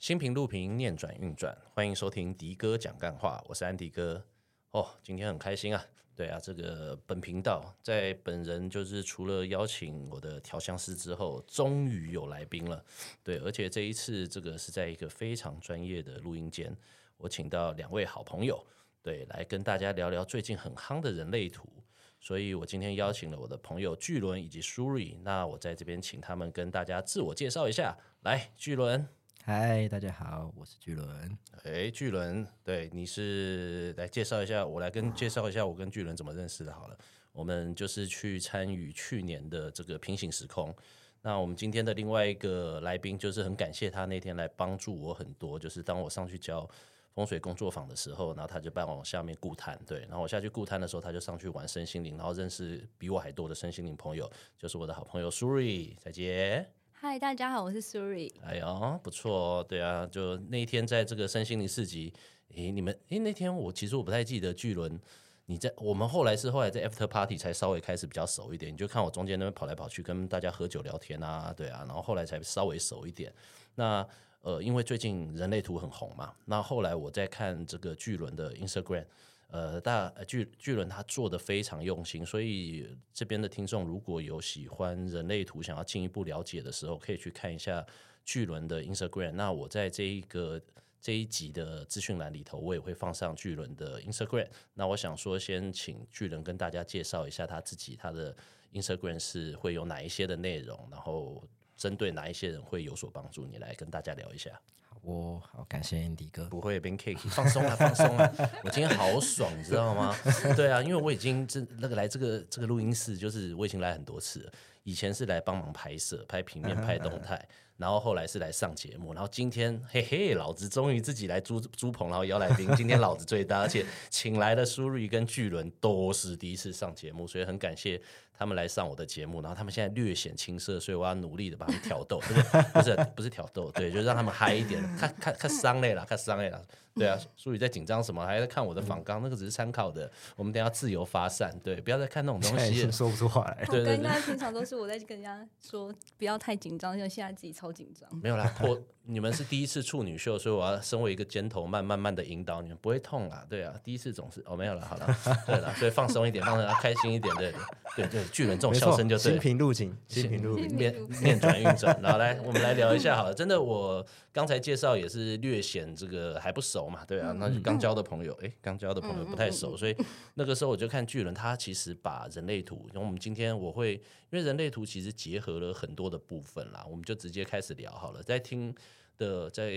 心平路平念轉運轉，歡迎收聽迪哥講幹話。我是安迪哥。哦，今天很開心啊！對啊，這個本頻道在本人就是除了邀請我的調香師之後，終於有來賓了。對，而且這一次這個是在一個非常專業的錄音間，我請到兩位好朋友，對，來跟大家聊聊最近很夯的人類圖。所以我今天邀請了我的朋友巨輪以及 Surii，那我在這邊請他們跟大家自我介紹一下。來，巨輪。嗨，Hi, 大家好，我是巨輪。哎、欸，巨輪，對，你是來介紹一下，我來跟介紹一下我跟巨輪怎麼認識的。好了，我們就是去參與去年的這個平行時空。那我們今天的另外一個來賓，就是很感謝他那天來幫助我很多。就是當我上去教風水工作坊的時候，然後他就幫我下面顧攤。對，然後我下去顧攤的時候，他就上去玩身心靈，然後認識比我還多的身心靈朋友，就是我的好朋友 Surii。再見。嗨，Hi, 大家好，我是 Surii。哎呦，不錯哦，對啊，就那一天在這個身心靈市集。誒，你們，誒，那天我其實我不太記得巨輪，你在我們後來是後來在 After Party 才稍微開始比較熟一點，你就看我中間那邊跑來跑去跟大家喝酒聊天啊，對啊，然後後來才稍微熟一點。那呃，因為最近人類圖很紅嘛，那後來我在看這個巨輪的 Instagram。呃，大呃，巨巨輪他做的非常用心，所以這邊的聽眾如果有喜歡人類圖想要進一步了解的時候，可以去看一下巨輪的 Instagram。那我在這一個這一集的資訊欄裡頭，我也會放上巨輪的 Instagram。那我想說，先請巨輪跟大家介紹一下他自己，他的 Instagram 是會有哪一些的內容，然後針對哪一些人會有所幫助。你來跟大家聊一下。我好感謝 Andy 哥，不會，Ben K，放鬆了、啊、放鬆了、啊， 我今天好爽， 你知道嗎？對啊，因為我已經這那個來這個這個錄音室，就是我已經來很多次了。以前是來幫忙拍攝、拍平面、拍動態，uh huh. 然後後來是來上節目，uh huh. 然後今天嘿嘿，老子終於自己來租租棚，然後邀來賓，今天老子最大， 而且請來的 Surii 跟巨輪都是第一次上節目，所以很感謝他們來上我的節目。然後他們現在略顯青澀，所以我要努力的把他們挑逗， 不是不是挑逗，對，就讓他們嗨一點，看看看傷累了，看傷累了。對啊，淑宇在緊張什麼？還在看我的訪綱，嗯、那個只是參考的。我們等下自由發散，對，不要再看那種東西。現在說不出話來。對，對對。平常都是我在跟人家說不要太緊張，因為現在自己超緊張。沒有啦，我你們是第一次處女秀，所以我要身為一個尖頭，慢慢慢的引導你們，不會痛啦、啊。對啊，第一次總是哦沒有了，好了，對了，所以放鬆一點，放鬆，要開心一點。對對對，對，巨人這種笑聲就是。新頻路徑，新頻路徑面面轉運轉。然後 來，我們來聊一下好了，真的我剛才介紹也是略顯這個還不熟。對啊，那就是剛交的朋友，嗯、誒，剛交的朋友不太熟，嗯嗯嗯、所以那個時候我就看巨輪，他其實把人類圖，因為我們今天我會，因為人類圖其實結合了很多的部分啦，我們就直接開始聊好了。在聽的在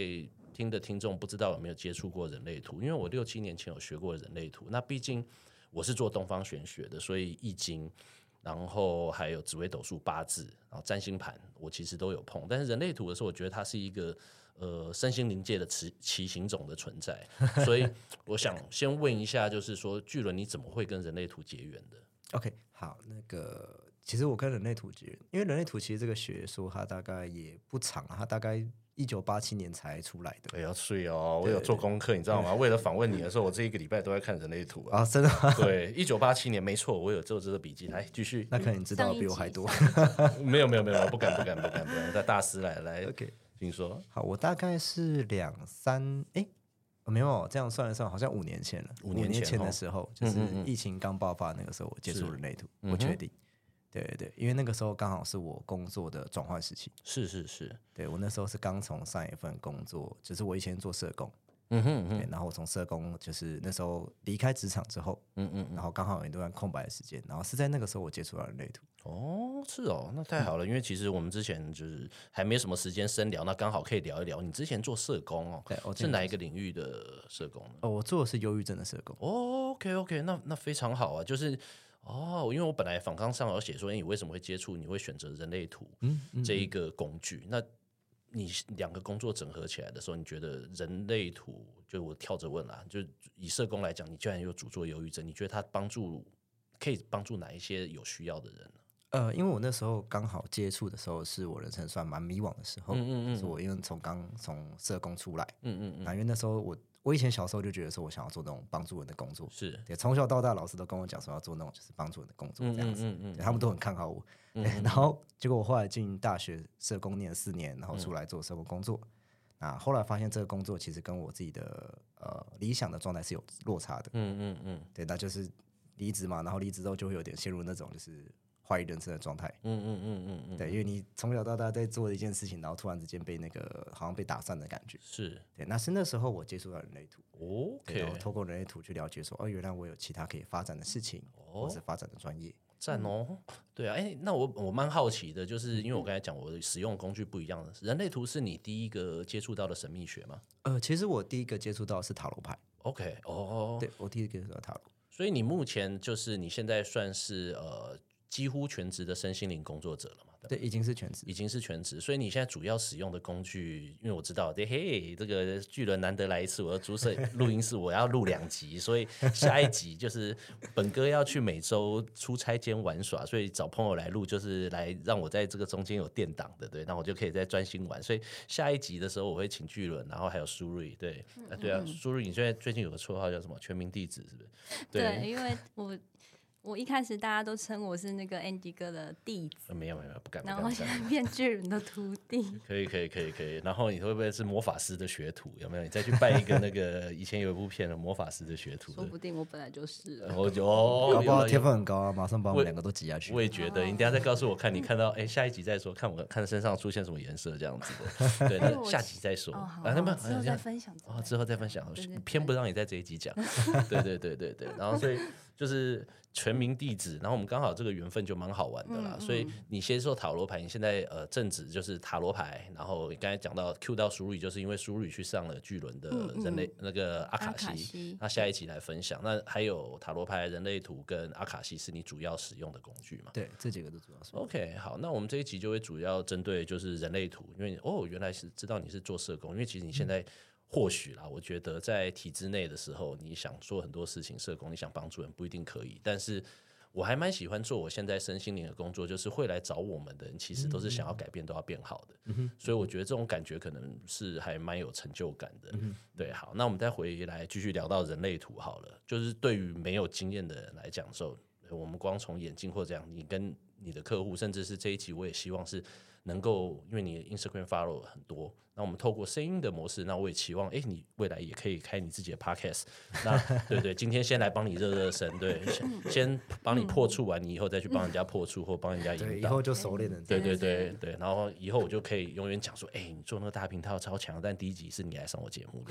聽的聽眾不知道有沒有接觸過人類圖，因為我六七年前有學過人類圖，那畢竟我是做東方玄學的，所以易經。然後還有紫微斗數八字，然後占星盤，我其實都有碰。但是人類圖的時候，我覺得它是一個呃身心靈界的奇奇形種的存在，所以我想先問一下，就是說 巨輪你怎麼會跟人類圖結緣的？OK，好，那個其實我跟人類圖結緣，因為人類圖其實這個學說它大概也不長，它大概。一九八七年才出來的，哎呦，是哦，我有做功課，你知道嗎？為了訪問你的時候，我這一個禮拜都在看人類圖啊，真的嗎？對，一九八七年，沒錯，我有做這個筆記。來，繼續。那可能你知道的比我還多，沒有沒有沒有，不敢不敢不敢不敢。那大師來來，OK，聽說。好，我大概是兩三，哎，沒有，這樣算一算好像五年前了。五年前的時候，就是疫情剛爆發那個時候，我接觸人類圖，我確定。對對對，因為那個時候剛好是我工作的轉換時期。是是是，對我那時候是剛從上一份工作，只、就是我以前做社工，嗯哼，嗯哼，然後我從社工就是那時候離開職場之後，嗯，嗯嗯，然後剛好有一段空白的時間，然後是在那個時候我接觸到人類圖。哦，是哦，那太好了，嗯、因為其實我們之前就是還沒有什麼時間深聊，那剛好可以聊一聊。你之前做社工哦，是哪一個領域的社工呢？哦，我做的是憂鬱症的社工。哦，OK OK，那那非常好啊，就是。哦，因為我本來訪綱上我寫說，你為什麼會接觸？你會選擇人類圖這一個工具？嗯嗯嗯、那你兩個工作整合起來的時候，你覺得人類圖，就我跳着問啦，就以社工來講，你居然有主做憂鬱症，你覺得它幫助可以幫助哪一些有需要的人呢？呃，因為我那時候剛好接觸的時候，是我人生算蠻迷惘的時候，嗯嗯嗯、是我因為從剛從社工出來，嗯嗯嗯，因、嗯、為、嗯、那時候我。我以前小時候就覺得說，我想要做那種幫助人的工作。是對，從小到大老師都跟我講說，要做那種就是幫助人的工作這樣子。嗯嗯，嗯，對嗯，他們都很看好我。然後，結果我後來進大學社工念了四年，然後出來做社工工作。嗯、那後來發現這個工作其實跟我自己的呃理想的狀態是有落差的。嗯嗯嗯。嗯嗯，對，那就是離職嘛。然後離職之後就會有點陷入那種就是。.懷疑人生的狀態，嗯嗯嗯嗯，嗯，嗯嗯對，因為你從小到大在做一件事情，然後突然之間被那個好像被打散的感覺，是對。那是那時候我接觸到人類圖，哦 Okay，對，我透過人類圖去了解說，哦，原來我有其他可以發展的事情，哦、或者發展的專業，讚，哦。嗯、對啊，哎、欸，那我我蠻好奇的，就是因為我剛才講我使用的工具不一樣的，的、嗯、人類圖是你第一個接觸到的神秘學嗎？呃，其實我第一個接觸到是塔羅牌，OK，哦哦，對我第一個接觸到塔羅，所以你目前就是你現在算是呃。幾乎全職的身心靈工作者了嘛？對，對，已經是全職，已經是全職。所以你現在主要使用的工具，因為我知道，對嘿，這個巨輪難得來一次，我要租設錄音室， 我要錄兩集，所以下一集就是本哥要去美洲出差兼玩耍，所以找朋友來錄，就是來讓我在這個中間有墊檔的，對，那我就可以再專心玩。所以下一集的時候，我會請巨輪，然後還有蘇瑞，對、啊，對啊，蘇瑞、嗯嗯，i, 你現在最近有個綽號叫什麼？全民地址是不是？對，對，因為我。 我一開始，大家都稱我是那個 Andy 哥的弟子，沒有沒有，不敢。然後現在變巨人的徒弟，可以可以可以可以。然後你會不會是魔法師的學徒？有沒有？你再去拜一個那個以前有一部片的魔法師的學徒。說不定我本來就是。哦喲，天分很高啊？馬上把我們兩個都擠下去。我也覺得，你等下再告訴我，看你看到哎下一集再說，看我看身上出現什麼顏色這樣子的。對，下集再說。啊，他們好像要分享。啊，之後再分享，我偏不讓你在這一集講。對對對對對，然後所以。就是全民弟子，然後我們剛好這個緣分就蠻好玩的啦，嗯嗯，所以你先說塔羅牌，你現在呃正職就是塔羅牌，然後剛才講到 Q 到 Surii，就是因為 Surii 去上了巨輪的人類嗯嗯，那個阿卡西，卡西那下一集來分享。那還有塔羅牌、人類圖跟阿卡西是你主要使用的工具嘛？對，這幾個都主要使用。OK，好，那我們這一集就會主要針對就是人類圖，因為哦原來是知道你是做社工，因為其實你現在。嗯或許啦，我覺得在體制內的時候，你想做很多事情，社工你想幫助人不一定可以。但是我還蠻喜歡做我現在身心靈的工作，就是會來找我們的人，其實都是想要改變，都要變好的。嗯、哼所以我覺得這種感覺可能是還蠻有成就感的。嗯、哼對，好，那我們再回來繼續聊到人類圖好了。就是對於沒有經驗的人來講，時候，so，我們光從眼鏡或這樣，你跟你的客戶，甚至是這一集，我也希望是能夠，因為你 Instagram follow 很多。那我們透過聲音的模式，那我也期望，哎，你未來也可以開你自己的 podcast。那對對，今天先來幫你熱熱身，對，先幫你破處完，你以後再去幫人家破處或幫人家贏，以後就熟練了。對對對對，然後以後我就可以永遠講說，哎，你做那個大屏套超強，但第一集是你來上我節目。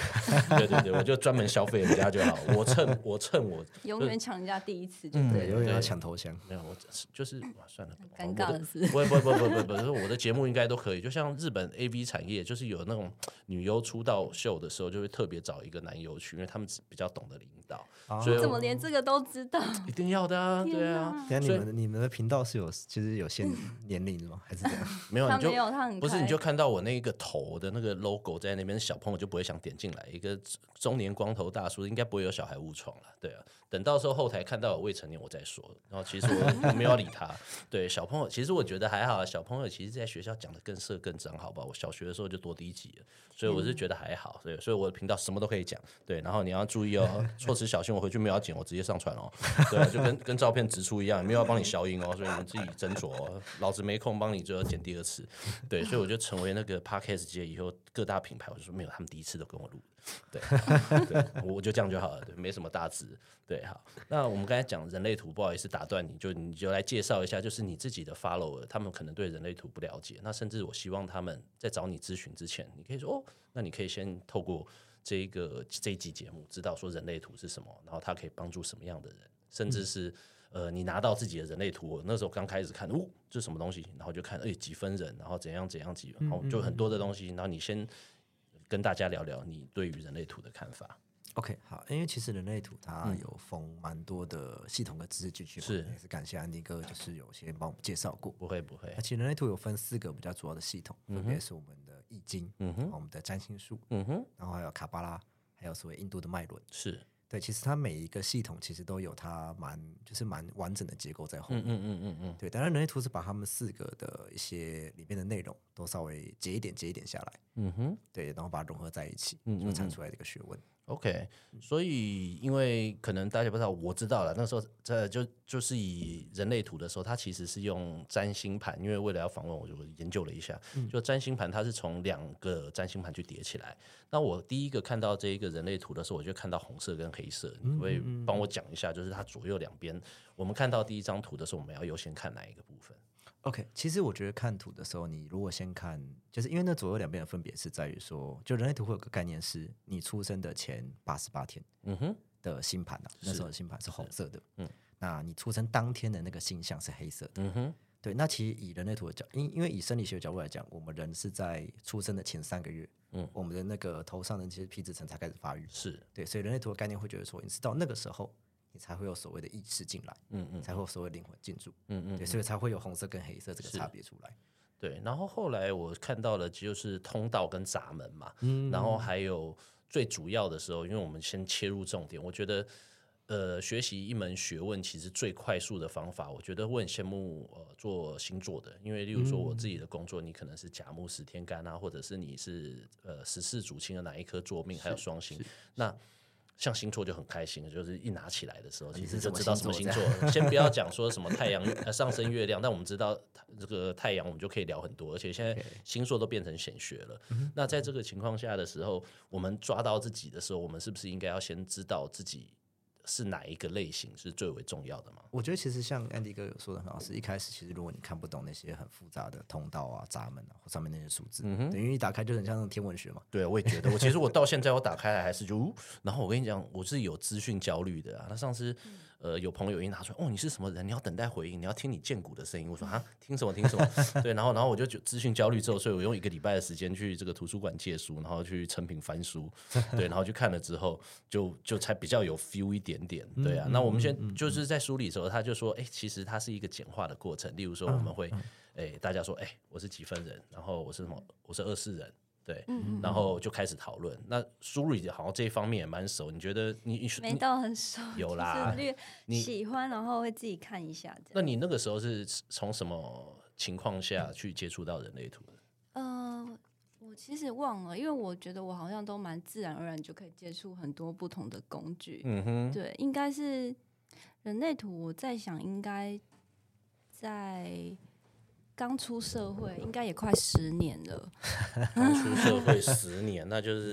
對對對，我就專門消費人家就好，我趁我趁我永遠搶人家第一次，就對，永遠要搶頭香。沒有，我就是算了，尷尬的不不不不不不，我的節目應該都可以，就像日本 A B 產業就是。有那種女優出道秀的時候，就會特別找一個男優去，因為他們比較懂得領導。啊、所以怎麼連這個都知道？一定要的、啊，哪對啊。等下你們以你們的頻道是有其實有限年齡嗎？ 還是怎樣？沒有，你就沒有，他不是，你就看到我那個頭的那個 logo 在那邊，小朋友就不會想點進來。一個中年光頭大叔應該不會有小孩誤闖了。對啊，等到時候後台看到有未成年，我再說。然後其實我沒有理他。 對，小朋友其實我覺得還好啊。小朋友其實，在學校講的更色更髒，好吧？我小學的時候就多一級的，所以我是覺得還好，所以所以我的頻道什麼都可以講，對，然後你要注意哦，措辭小心，我回去沒有要剪，我直接上傳哦，對啊，就跟跟照片直出一樣，沒有要幫你消音哦，所以你們自己斟酌哦，老子沒空幫你就要剪第二次，對，所以我就成為那個 podcast 界以後各大品牌，我就說沒有，他們第一次都跟我錄。 對，我我就這樣就好了，對，沒什麼大詞。對，好，那我們剛才講人類圖，不好意思打斷你，就你就來介紹一下，就是你自己的 follower，他們可能對人類圖不了解。那甚至我希望他們在找你諮詢之前，你可以說哦，那你可以先透過這一個這一集節目，知道說人類圖是什麼，然後它可以幫助什麼樣的人，甚至是、嗯、呃，你拿到自己的人類圖，我那時候剛開始看，哦，這什麼東西，然後就看，哎、欸，幾分人，然後怎樣怎樣幾分，然後就很多的東西，然後你先。嗯嗯嗯跟大家聊聊你對於人類圖的看法。OK，好，因為其實人類圖它有封蠻多的系統的知識進去，是、嗯、也是感謝安迪哥，就是有先幫我們介紹過。不會不會，而且人類圖有分四個比較主要的系統，分別是我們的易經，嗯哼，我們的占星術，嗯哼，然後還有卡巴拉，還有所謂印度的脈輪，是。對，其實它每一個系統其實都有它蠻就是蠻完整的結構在後面、嗯。嗯嗯嗯嗯，對，當然人類圖是把他們四個的一些裡面的內容都稍微截一點截一點下來。嗯哼。對，然後把它融合在一起，就產出來這個學問。嗯嗯嗯 OK，所以因為可能大家不知道，我知道了。那時候，這就就是以人類圖的時候，它其實是用占星盤，因為為了要訪問，我就研究了一下。就占星盤，它是從兩個占星盤去疊起來。那我第一個看到這一個人類圖的時候，我就看到紅色跟黑色。你會幫我講一下，就是它左右兩邊，我們看到第一張圖的時候，我們要優先看哪一個部分？OK，其實我覺得看圖的時候，你如果先看，就是因為那左右兩邊的分別是在於說，就人類圖會有個概念是，你出生的前八十八天的星盤啊，嗯哼，的星盤，那時候的星盤是紅色的，嗯，那你出生當天的那個星象是黑色的，嗯哼，對，那其實以人類圖的角，因因為以生理學的角度來講，我們人是在出生的前三個月，嗯，我們的那個頭上的那些皮質層才開始發育，是對，所以人類圖的概念會覺得說，一直到那個時候。你才會有所謂的意識進來，嗯嗯，才會有所謂的靈魂進駐，嗯嗯，嗯，所以才會有紅色跟黑色這個差別出來。對，然後後來我看到了，就是通道跟閘門嘛，嗯，嗯，然後還有最主要的時候，因為我們先切入重點，我覺得，呃，學習一門學問其實最快速的方法，我覺得我很羨慕呃做星座的，因為例如說我自己的工作，嗯、你可能是甲木、十天干啊，或者是你是呃十四主星的哪一顆坐命，是還有雙星，是那。像星座就很開心，就是一拿起來的時候，其實就知道什麼星座。星座先不要講說什麼太陽、 啊、上升、月亮，但我們知道這個太陽，我們就可以聊很多。而且現在星座都變成顯學了，Okay. 那在這個情況下的時候，我們抓到自己的時候，我們是不是應該要先知道自己？是哪一個類型是最為重要的嗎？我覺得其實像安迪哥有說的很好，是一開始其實如果你看不懂那些很複雜的通道啊、閘門啊，或上面那些數字，嗯、哼等於一打開就很像那個天文學嘛。對，我也覺得，我其實我到現在我打開來還是就， 然後我跟你講，我是有資訊焦慮的啊。那上次。呃，有朋友一拿出來，哦，你是什麼人？你要等待回應，你要聽你薦骨的聲音。我說啊，聽什麼？聽什麼？ 對，然後，然後我就就資訊焦慮之後，所以我用一個禮拜的時間去這個圖書館借書，然後去誠品翻書， 對，然後去看了之後，就就才比較有 feel 一點點。嗯、對啊，嗯、那我們先、嗯、就是在書裡時候，他就說，哎，其實它是一個簡化的過程。例如說，我們會，哎、嗯嗯，大家說，哎，我是幾分人？然後我是什麼？我是二四人。對，嗯、哼然後就開始討論。那 Surii 好像這一方面也蠻熟，你覺得你，你沒到很熟？你有啦，你喜歡，你然後會自己看一下。那你那個時候是從什麼情況下去接觸到人類圖的？嗯、哼呃，我其實忘了，因為我覺得我好像都蠻自然而然就可以接觸很多不同的工具。嗯哼，對，應該是人類圖。我在想，應該在。剛出社會應該也快十年了。剛出社會十年， 那就是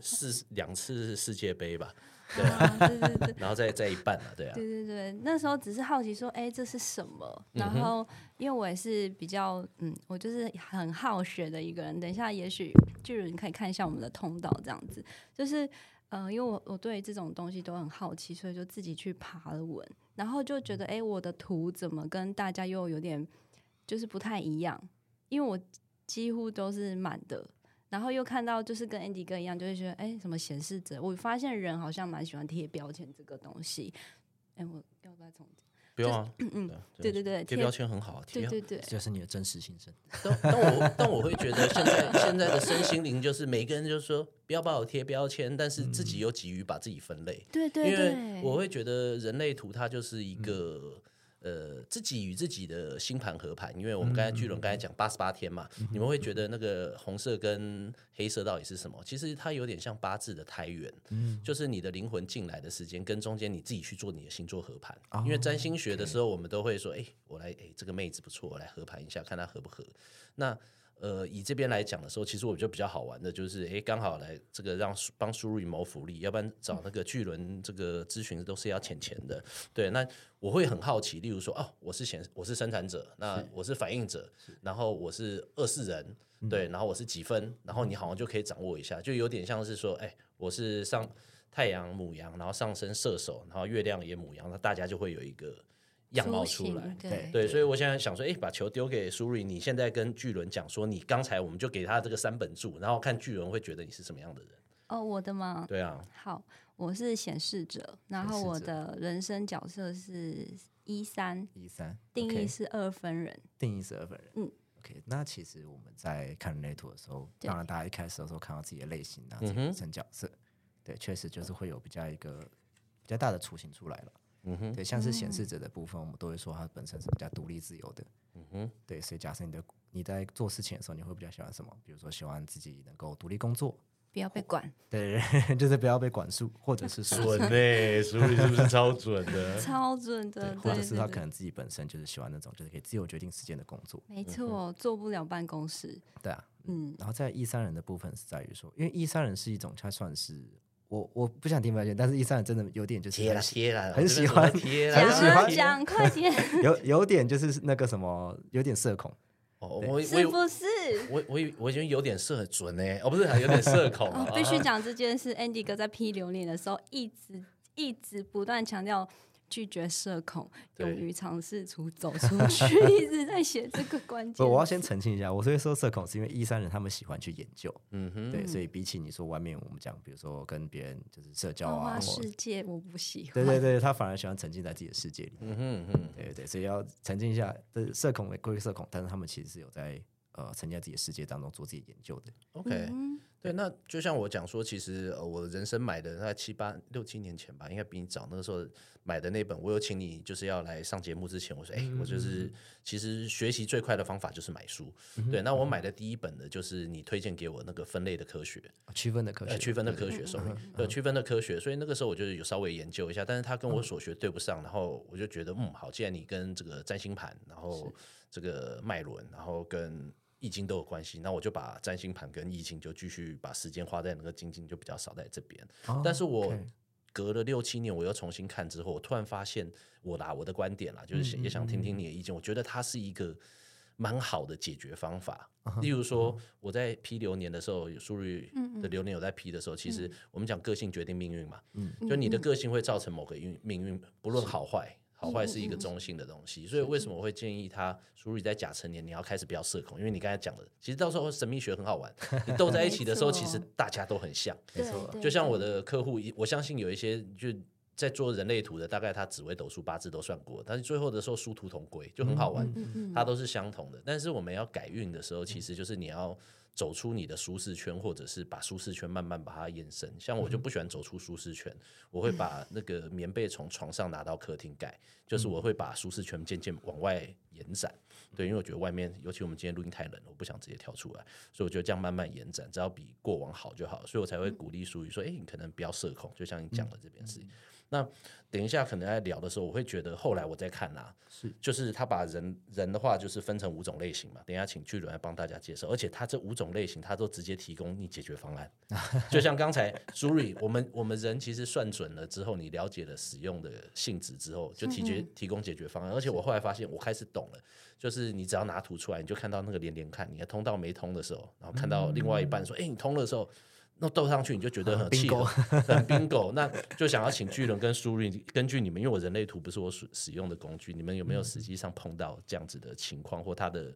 四 兩次世界杯吧？對、啊、對，對對，然後再再一半了、啊，對啊。對對對，那時候只是好奇說，哎，這是什麼？嗯、哼然後因為我也是比較嗯，我就是很好學的一個人。等一下，也許就是你可以看一下我們的通道，這樣子就是嗯、呃，因為我我對這種東西都很好奇，所以就自己去爬了文，然後就覺得，哎，我的圖怎麼跟大家又有點。就是不太一樣，因為我幾乎都是滿的，然後又看到就是跟 Andy 哥一樣，就會覺得哎、欸，什麼顯示者，我發現人好像蠻喜歡貼標籤這個東西。哎、欸，我要不要再不用、啊，嗯就嗯，對對對，貼標籤很好、啊，貼對對，對對，這就是你的真實心聲。 但我但我會覺得現在現在的身心靈就是每個人就是說不要把我貼標籤，但是自己又急於把自己分類。對對、嗯，因為我會覺得人類圖它就是一個。嗯呃，自己與自己的星盤合盤，因為我們剛才巨輪剛才講八十八天嘛，嗯、哼你們會覺得那個紅色跟黑色到底是什麼？其實它有點像八字的胎元。嗯哼，就是你的靈魂進來的時間，跟中間你自己去做你的星座合盤。哦、因為占星學的時候，我們都會說，哎、欸欸，我來，哎、欸，這個妹子不錯，我來合盤一下，看她合不合。那呃，以這邊來講的時候，其實我覺得比較好玩的就是，誒、欸，剛好來這個讓幫 Surii 謀福利，要不然找那個巨輪這個諮詢都是要錢錢的。嗯、對，那我會很好奇，例如說，哦，我是顯我是生產者，那我是反應者，然後我是二四人，嗯、對，然後我是幾分，然後你好像就可以掌握一下，就有點像是說，哎、欸，我是上太陽牡羊，然後上升射手，然後月亮也牡羊，那大家就會有一個。樣貌出來，對，所以我現在想說，哎，把球丟給 Surii，你現在跟巨輪講說，你剛才我們就給他這個三本柱，然後看巨輪會覺得你是什麼樣的人？哦，我的嗎？對啊，好，我是顯示者，然後我的人生角色是一三一三，定義是二分人，okay, 定義是二分人，嗯，OK，那其實我們在看人類圖的時候，對當然大家一開始的時候看到自己的類型啊，人生角色，嗯、哼對，確實就是會有比較一個、嗯、比較大的雛形出來了。嗯哼，對，像是顯示者的部分，我們都會說他本身是比較獨立自由的。嗯哼，對，所以假設你的你在做事情的時候，你會比較喜歡什麼？比如說喜歡自己能夠獨立工作，不要被管。對，就是不要被管束，或者是說準誒、欸，處 理是不是超準的？超準的，或者是他可能自己本身就是喜歡那種，就是可以自由決定時間的工作。嗯、哼沒錯，做不了辦公室。對啊，嗯，然後在一三人的部分是在於說，因為一、e、三人是一種，他算是。我我不想聽抱怨，但是一上來真的有點就是，很喜歡，啦啦啦很喜歡，講快點， 有有點就是那個什麼，有點社恐哦，我對是不是我我我我覺得有點社准呢、欸？哦、oh,，不是，有點社恐 吧、哦。必須講這件事，Andy 哥在批流年的時候，一直一直不斷強調。拒絕社恐，對勇於嘗試出走出去， 一直在寫這個觀點。我要先澄清一下，我所以說社恐是因為一、e、三人他們喜歡去研究，嗯哼，對，所以比起你說外面我們講，比如說跟別人就是社交啊，世界我不喜歡，對對對，他反而喜歡沉浸在自己的世界裡，嗯哼哼，對對,對所以要澄清一下，社恐、就是、社恐歸社恐，但是他們其實是有在呃沉浸在自己的世界當中做自己研究的，OK。嗯嗯對，那就像我講說，其實呃，我人生買的大概七八六七年前吧，應該比你早。那個時候買的那本，我有請你就是要來上節目之前，我說，哎，我就是其實學習最快的方法就是買書。嗯、哼對，那我買的第一本的就是你推薦給我那個分類的科學，區、哦、分的科學，區、呃、分的科學，所以區分的科學。所以那個時候我就有稍微研究一下，但是他跟我所學對不上，嗯、然後我就覺得，嗯，好，既然你跟這個占星盤，然後這個脈輪，然後跟。易經都有關係，那我就把占星盤跟易經就繼續把時間花在那個精進，就比較少在這邊。Oh, okay. 但是我隔了六七年，我又重新看之後，我突然發現我啦、啊，我的觀點啦、啊，就是也想聽聽你的意見。嗯嗯嗯、我覺得它是一個蠻好的解決方法。Uh、huh, 例如說，嗯、我在批流年的時候，有蘇利的流年有在批的時候，嗯嗯、其實我們講個性決定命運嘛，嗯、就你的個性會造成某個運命運，不論好壞。好壞是一個中性的東西，嗯、所以為什麼我會建議他？屬於，在甲辰年，你要開始不要社恐，嗯、因為你剛才講的，其實到時候神秘學很好玩，呵呵你鬥在一起的時候，錯其實大家都很像，沒錯、啊。就像我的客戶，我相信有一些就在做人類圖的，大概他紫微斗數八字都算過，但是最後的時候殊途同歸，就很好玩，他、嗯、都是相同的。但是我們要改運的時候，其實就是你要。走出你的舒適圈，或者是把舒適圈慢慢把它延伸。像我就不喜歡走出舒適圈，嗯、我會把那個棉被從床上拿到客廳蓋。嗯、就是我會把舒適圈漸漸往外延展。嗯、對，因為我覺得外面，尤其我們今天錄音太冷，我不想直接跳出來，所以我覺得這樣慢慢延展，只要比過往好就好。所以我才會鼓勵舒雨說：“哎、嗯欸，你可能不要社恐。”就像你講的這件事。那等一下可能在聊的時候，我會覺得後來我在看啊，是就是他把人人的話就是分成五種類型嘛。等一下請巨輪來幫大家介紹，而且他這五種類型他都直接提供你解決方案。 就像剛才 Surii，我們我們人其實算準了之後，你了解了使用的性質之後，就提決提供解決方案。嗯、而且我後來發現，我開始懂了，就是你只要拿圖出來，你就看到那個連連看，你的通道沒通的時候，然後看到另外一半說，哎、嗯嗯欸，你通了的時候。那鬥上去你就覺得很氣，很 bingo， 那就想要請巨輪跟 Surii。根據你們，因為我人類圖不是我使使用的工具，你們有沒有實際上碰到這樣子的情況、嗯、或他的？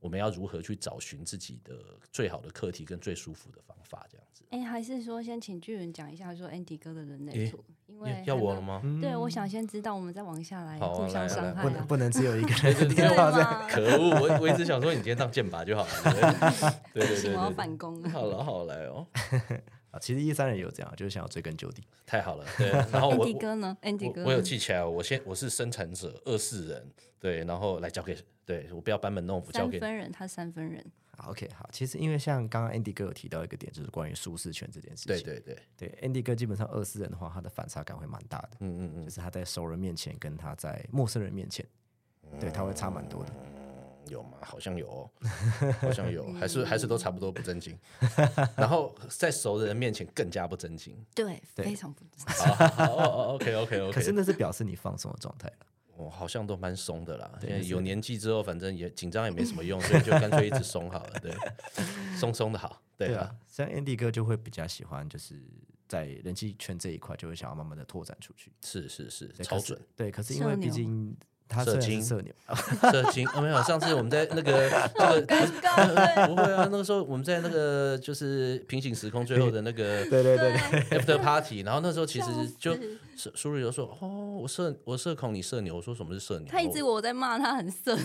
我們要如何去找尋自己的最好的課題跟最舒服的方法，這樣子？哎、欸，還是說先請巨人講一下，說 Andy 哥，哥的人類圖，欸，因為要我了嗎？對，嗯，我想先知道，我們再往下來。好，啊傷害啊來啊，來、啊，來，不能不能只有一個人， 對，對，對，對嗎？可惡，我我一直想說，你今天當箭靶就好了。對對對，我要反攻。了。好了，好來哦。 其實一三人有這樣，就是想要追根究底。太好了，對。然後我 Andy 哥呢，Andy 哥呢，我，我有記起來，我先我是生產者二四人，對，然後來交給，對我不要班門弄斧，交給三分人他三分人。OK，好，其實因為像剛剛 Andy 哥有提到一個點，就是關於舒適圈這件事情。對對對，對 Andy 哥基本上二四人的話，他的反差感會蠻大的。嗯嗯嗯，就是他在熟人面前跟他在陌生人面前，對他會差蠻多的。有嗎？好像有，哦。好像有，還是還是都差不多不正經。然後在熟的人面前更加不正經，對，非常不正經。哦哦，OK OK OK。可是那是表示你放鬆的狀態。我好像都蠻鬆的啦，有年紀之後，反正也緊張也沒什麼用，所以就乾脆一直鬆好了，對，鬆鬆的好，對啊。像 Andy 哥就會比較喜歡，就是在人際圈這一塊就會想要慢慢的拓展出去。是是是，超準。對，可是因為畢竟。射精射牛，色精沒有。上次我們在那個那個，不會啊，那個時候我們在那個就是平行時空最後的那個對對對 after party，然後那時候其實就蘇蘇瑞有說哦，我社我社恐你社牛，我說什麼是社牛？他一直以為我在罵他很色，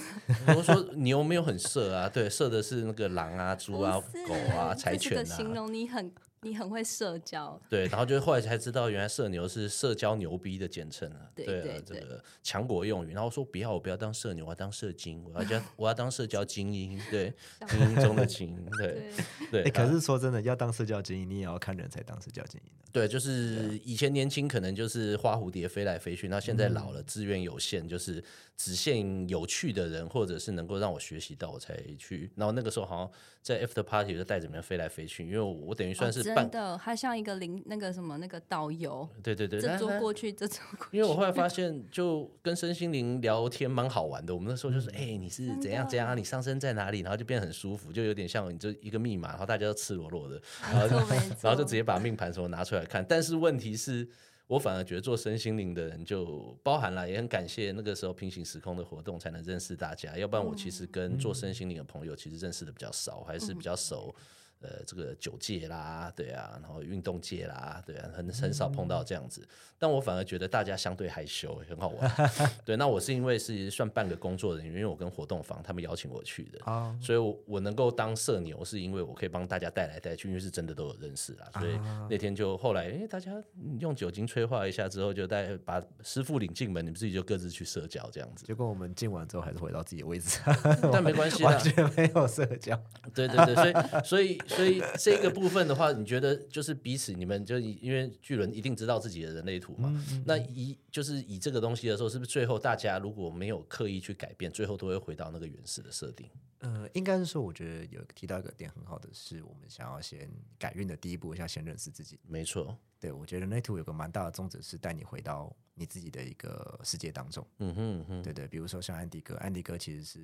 我說你又沒有很色啊，對，色的是那個狼啊、豬啊、狗啊、柴犬啊，形容你很。你很會社交，對，然後就後來才知道，原來“社牛”是社交牛逼的簡稱啊，對啊，這個強國用語。然後說不要，我不要當社牛，我要當社精，我要要我要當社交精英，對，精英中的精英，對對。哎，可是說真的，要當社交精英，你也要看人才當社交精英。對，就是以前年輕可能就是花蝴蝶飛來飛去，那現在老了資源有限，就是只限有趣的人或者是能夠讓我學習到我才去。然後那個時候好像在 After Party 就帶着裡面飛來飛去，因為我等於算是。真的，他像一個領那個什麼那個導遊，對對對，這坐過去，這坐過去。過去因為我後來發現，就跟身心靈聊天蠻好玩的。我們那時候就是，嗯、哎，你是怎樣怎樣，的你上身在哪裡，然後就變很舒服，就有點像你這一個密碼，然後大家都赤裸裸的，然後就、啊、然後就直接把命盤什麼拿出來看。但是問題是我反而覺得做身心靈的人就包含了，也很感謝那個時候平行時空的活動才能認識大家，要不然我其實跟做身心靈的朋友其實認識的比較少，還是比較熟。嗯嗯呃，這個酒界啦，對啊，然後運動界啦，對啊，很很少碰到這樣子。嗯嗯，但我反而覺得大家相對害羞，很好玩。 對，那我是因為是算半個工作人員，因為我跟活動方他們邀請我去的，啊、所以我，我能夠當社牛，是因為我可以幫大家帶來帶去，因為是真的都有認識啦。所以那天就後來，哎、欸，大家用酒精催化一下之後就，就帶把師傅領進門，你們自己就各自去社交這樣子。結果我們進完之後，還是回到自己的位置， 但沒關係啦， 沒有社交。對對對，所以所以。 所以這個部分的話，你覺得就是彼此你們就因為巨輪一定知道自己的人類圖嘛？嗯嗯嗯，那以就是以這個東西的時候，是不是最後大家如果沒有刻意去改變，最後都會回到那個原始的設定？呃，應該是說，我覺得有提到一個點很好的，是我們想要先改運的第一步，要先認識自己。沒錯錯，對我覺得人類圖有個蠻大的宗旨是帶你回到你自己的一個世界當中。嗯哼嗯哼，對，對對，比如說像安迪哥，安迪哥其實是。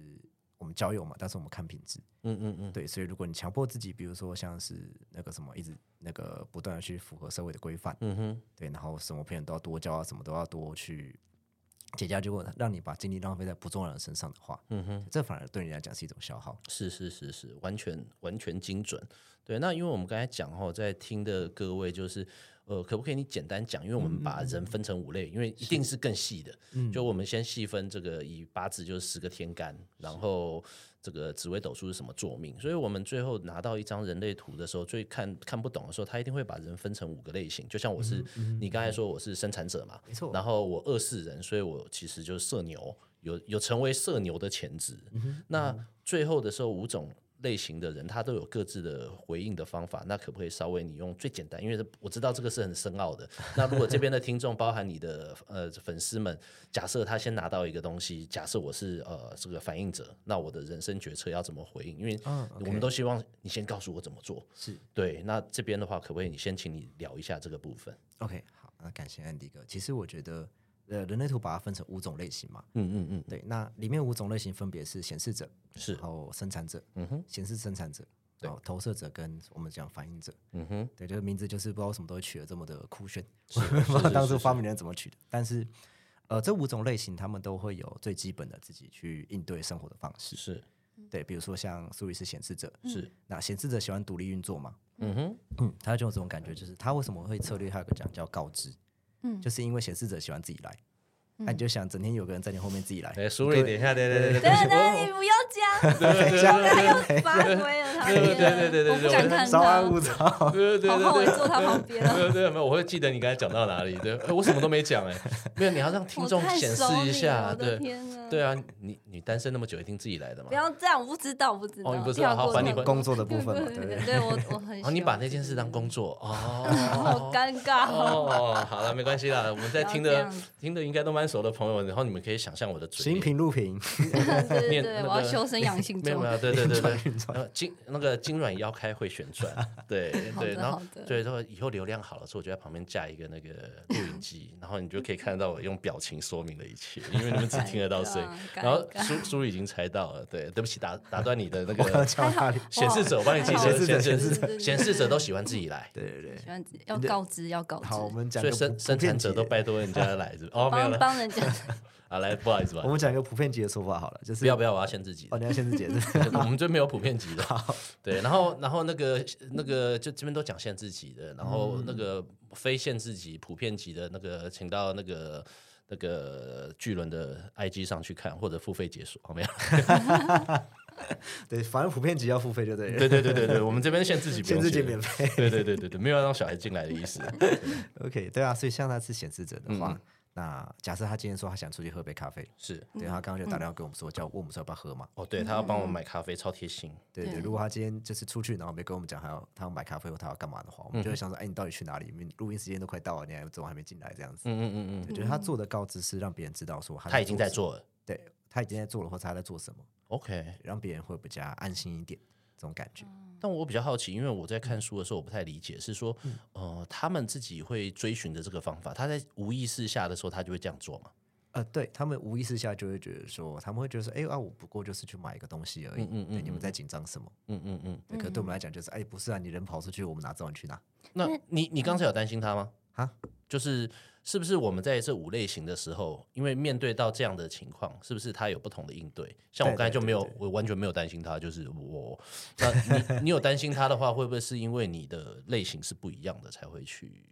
我們交友嘛，但是我們看品質，嗯，嗯嗯嗯，對，所以如果你強迫自己，比如說像是那個什麼，一直那個不斷的去符合社會的規範，嗯哼，對，然後什麼朋友都要多交，啊，什麼都要多去結交，結果讓你把精力浪費在不重要的人身上的話，嗯哼，這反而對你來講是一種消耗。是是是是，完全完全精準。對，那因為我們剛才講齁，在聽的各位就是。呃，可不可以你簡單講？因為我們把人分成五類，嗯嗯嗯嗯嗯，因為一定是更細的。是就我們先細分這個以八字，就是十個天干，嗯嗯嗯嗯，然後這個紫微斗數是什麼坐命，所以我們最後拿到一張人類圖的時候，最看看不懂的時候，他一定會把人分成五個類型。就像我是你剛才說我是生產者嘛，沒錯錯。然後我二四人，所以我其實就是社牛，有有成為社牛的潛質。嗯、哼那最後的時候五種。類型的人，他都有各自的回應的方法。那可不可以稍微你用最簡單？因為我知道這個是很深奧的。那如果這邊的聽眾 包含你的呃粉絲們，假設他先拿到一個東西，假設我是呃這個反應者，那我的人生決策要怎麼回應？因為我們都希望你先告訴我怎麼做。是、哦 okay、對。那這邊的話，可不可以你先請你聊一下這個部分？OK，好，那感謝安迪哥。其實我覺得。呃，人類圖把它分成五種類型嘛，嗯嗯嗯，對，那裡面五種類型分別是顯示者，是，然後生產者，嗯哼，顯示生產者，然後投射者跟我們講反應者，嗯哼，對，這個名字就是不知道為什麼都會取得這麼的酷炫，不知道當初發明人怎麼取的，但是，呃，這五種類型他們都會有最基本的自己去應對生活的方式，是對，比如說像 Surii 是顯示者，是，那顯示者喜歡獨立運作嘛，嗯哼，嗯，他就有這種感覺，就是他為什麼會策略，他有個講叫告知。嗯， 就是因為顯示者喜歡自己來，那、嗯啊、你就想整天有個人在你後面自己來。蘇瑞，等一下，對對對，你不要講，講 還要發揮 對對對對對對，稍安勿躁。對對對對，坐他旁邊。對對沒有，我會記得你剛才講到哪裡。對，我什麼都沒講哎，沒有，你要讓聽眾顯示一下。對對啊，你你單身那麼久，一定自己來的嘛。不要這樣，我不知道，我不知道。哦，不是，好，把你們工作的部分嘛，對對對，我我很喜歡。你把那件事當工作哦，好尷尬。哦，好了，沒關係啦。我們在聽的聽的應該都蠻熟的朋友們，然後你們可以想象我的嘴。心平路平。對對，我要修身養性。沒有沒有，對對對對。今那個金軟腰開會旋轉，對對，然後對然後以後流量好了之後，我就在旁邊架一個那個錄影機，然後你就可以看到我用表情說明了一切，因為你們只聽得到聲音。然後書書已經猜到了，對，對不起，打打斷你的那個顯示者，我幫你記顯示顯示者都喜歡自己來，對對對，喜歡要告知要告知，好，我們講生生產者都拜託人家來，是哦，沒有了，幫人家。啊，來，不好意思吧。我們講一個普遍級的說法好了，就是不要不要，我要限制級哦，你要限制級。 我們這邊沒有普遍級的。 好對，然後然後那個那個就這邊都講限制級的，然後那個非限制級普遍級的那個，請到那個那個巨輪的 IG 上去看，或者付費解鎖，好沒有？ 對，反正普遍級要付費就對了。對對對對對，我們這邊限制級， 限制級解免費。對對對對對，沒有要讓小孩進來的意思。對 OK，對啊，所以像那次顯示者的話。嗯那假設他今天說他想出去喝杯咖啡，是，然後他剛剛就打電話跟我們說，叫問我們說要不要喝嘛？哦，對，他要幫我們買咖啡，超貼心。對對，如果他今天就是出去，然後沒跟我們講，還要他要買咖啡或他要幹嘛的話，我們就會想說，哎，你到底去哪裡？錄音時間都快到了，你怎麼還沒進來？這樣子，嗯嗯嗯就是他做的告知是讓別人知道說他已經在做了，對，他已經在做了，或者他在做什麼？OK，讓別人會比較安心一點，這種感覺。但我比較好奇，因為我在看書的時候，我不太理解，是說，呃，他們自己會追尋的這個方法，他在無意識下的時候，他就會這樣做嘛？呃，對他們無意識下就會覺得說，他們會覺得說，哎、欸、啊、呃，我不過就是去買一個東西而已，嗯嗯，嗯對，你們在緊張什麼？嗯嗯嗯。嗯嗯對可對我們來講，就是哎、嗯欸，不是啊，你人跑出去，我們拿這碗去拿。那你你剛才有擔心他嗎？嗯嗯、哈，就是。是不是我們在這五類型的時候，因為面對到這樣的情況，是不是他有不同的應對？像我剛才就沒有，對對對對對我完全沒有擔心他，就是我。那你 你有擔心他的話，會不會是因為你的類型是不一樣的，才會去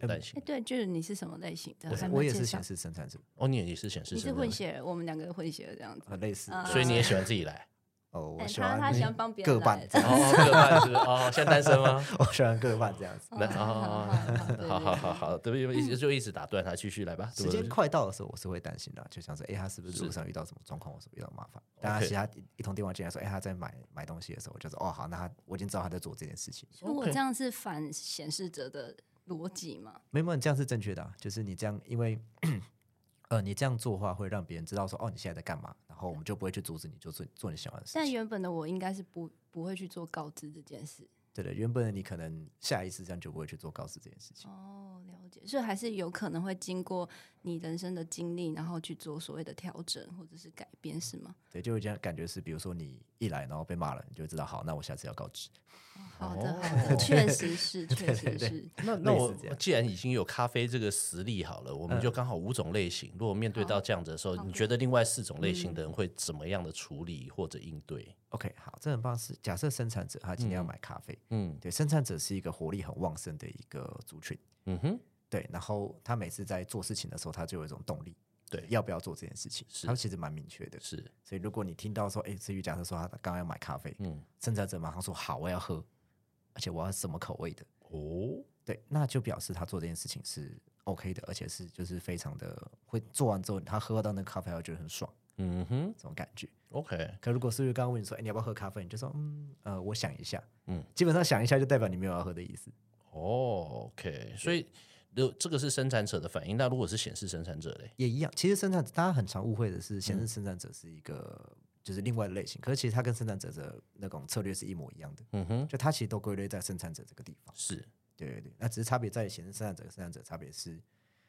有擔心、欸？對，就是你是什麼類型的？對我也是顯示生產者，產哦，你也，也是顯示生產者，你是混血，我們兩個混血這樣子，很類似，uh, 所以你也喜歡自己來。 哦，我喜歡他喜歡幫別人各半，哦各半是哦，現在單身嗎？我喜歡各半這樣子。哦，好好好好，對不對？一直就一直打斷他，繼續來吧。時間快到的時候，我是會擔心的，就想說，哎，他是不是路上遇到什麼狀況，或是遇到麻煩？但其他一通電話進來，說，哎，他在買買東西的時候，我就說，哦，好，那他我已經知道他在做這件事情。如果這樣是反顯示者的邏輯嗎？沒有，你這樣是正確的，就是你這樣，因為。呃，你這樣做的話會讓別人知道說，哦，你現在在幹嘛？然後我們就不會去阻止你做做你喜歡的事情。但原本的我應該是不不會去做告知這件事。對的，原本的你可能下一次這樣就不會去做告知這件事情。哦，了解，所以還是有可能會經過你人生的經歷，然後去做所謂的調整或者是改變，是嗎？嗯，對，就會這樣感覺是，比如說你一來然後被罵了，你就知道，好，那我下次要告知。哦、好的，哦、確實是，確實是。那那我既然已經有咖啡這個實力，好了，我們就剛好五種類型。如果面對到這樣子的時候，嗯、你覺得另外四種類型的人會怎麼樣的處理或者應對？OK，好，這很棒是。是假設生產者他今天要買咖啡，嗯，對，生產者是一個活力很旺盛的一個族群，嗯哼，對。然後他每次在做事情的時候，他就有一種動力。對，要不要做這件事情？他們是其實蠻明確的。是，所以如果你聽到說，哎、欸，Surii，假設說他剛剛要買咖啡，嗯，生產者馬上說好，我要喝，而且我要什麼口味的？哦，對，那就表示他做這件事情是 OK 的，而且是就是非常的會做完之後，他喝到那個咖啡要覺得很爽，嗯哼，這種感覺。OK。可如果 Surii 剛剛問你說，哎、欸，你要不要喝咖啡？你就說，嗯呃，我想一下。嗯，基本上想一下就代表你沒有要喝的意思。哦，OK 對。所以。如，這個是生產者的反應，那如果是顯示生產者嘞？也一樣。其實生產者大家很常誤會的是，顯示生產者是一個、嗯、就是另外的類型，可是其實它跟生產者的那種策略是一模一樣的。嗯哼，就它其實都歸類在生產者這個地方。是，對對對，那只是差別在顯示生產者和生產者差別是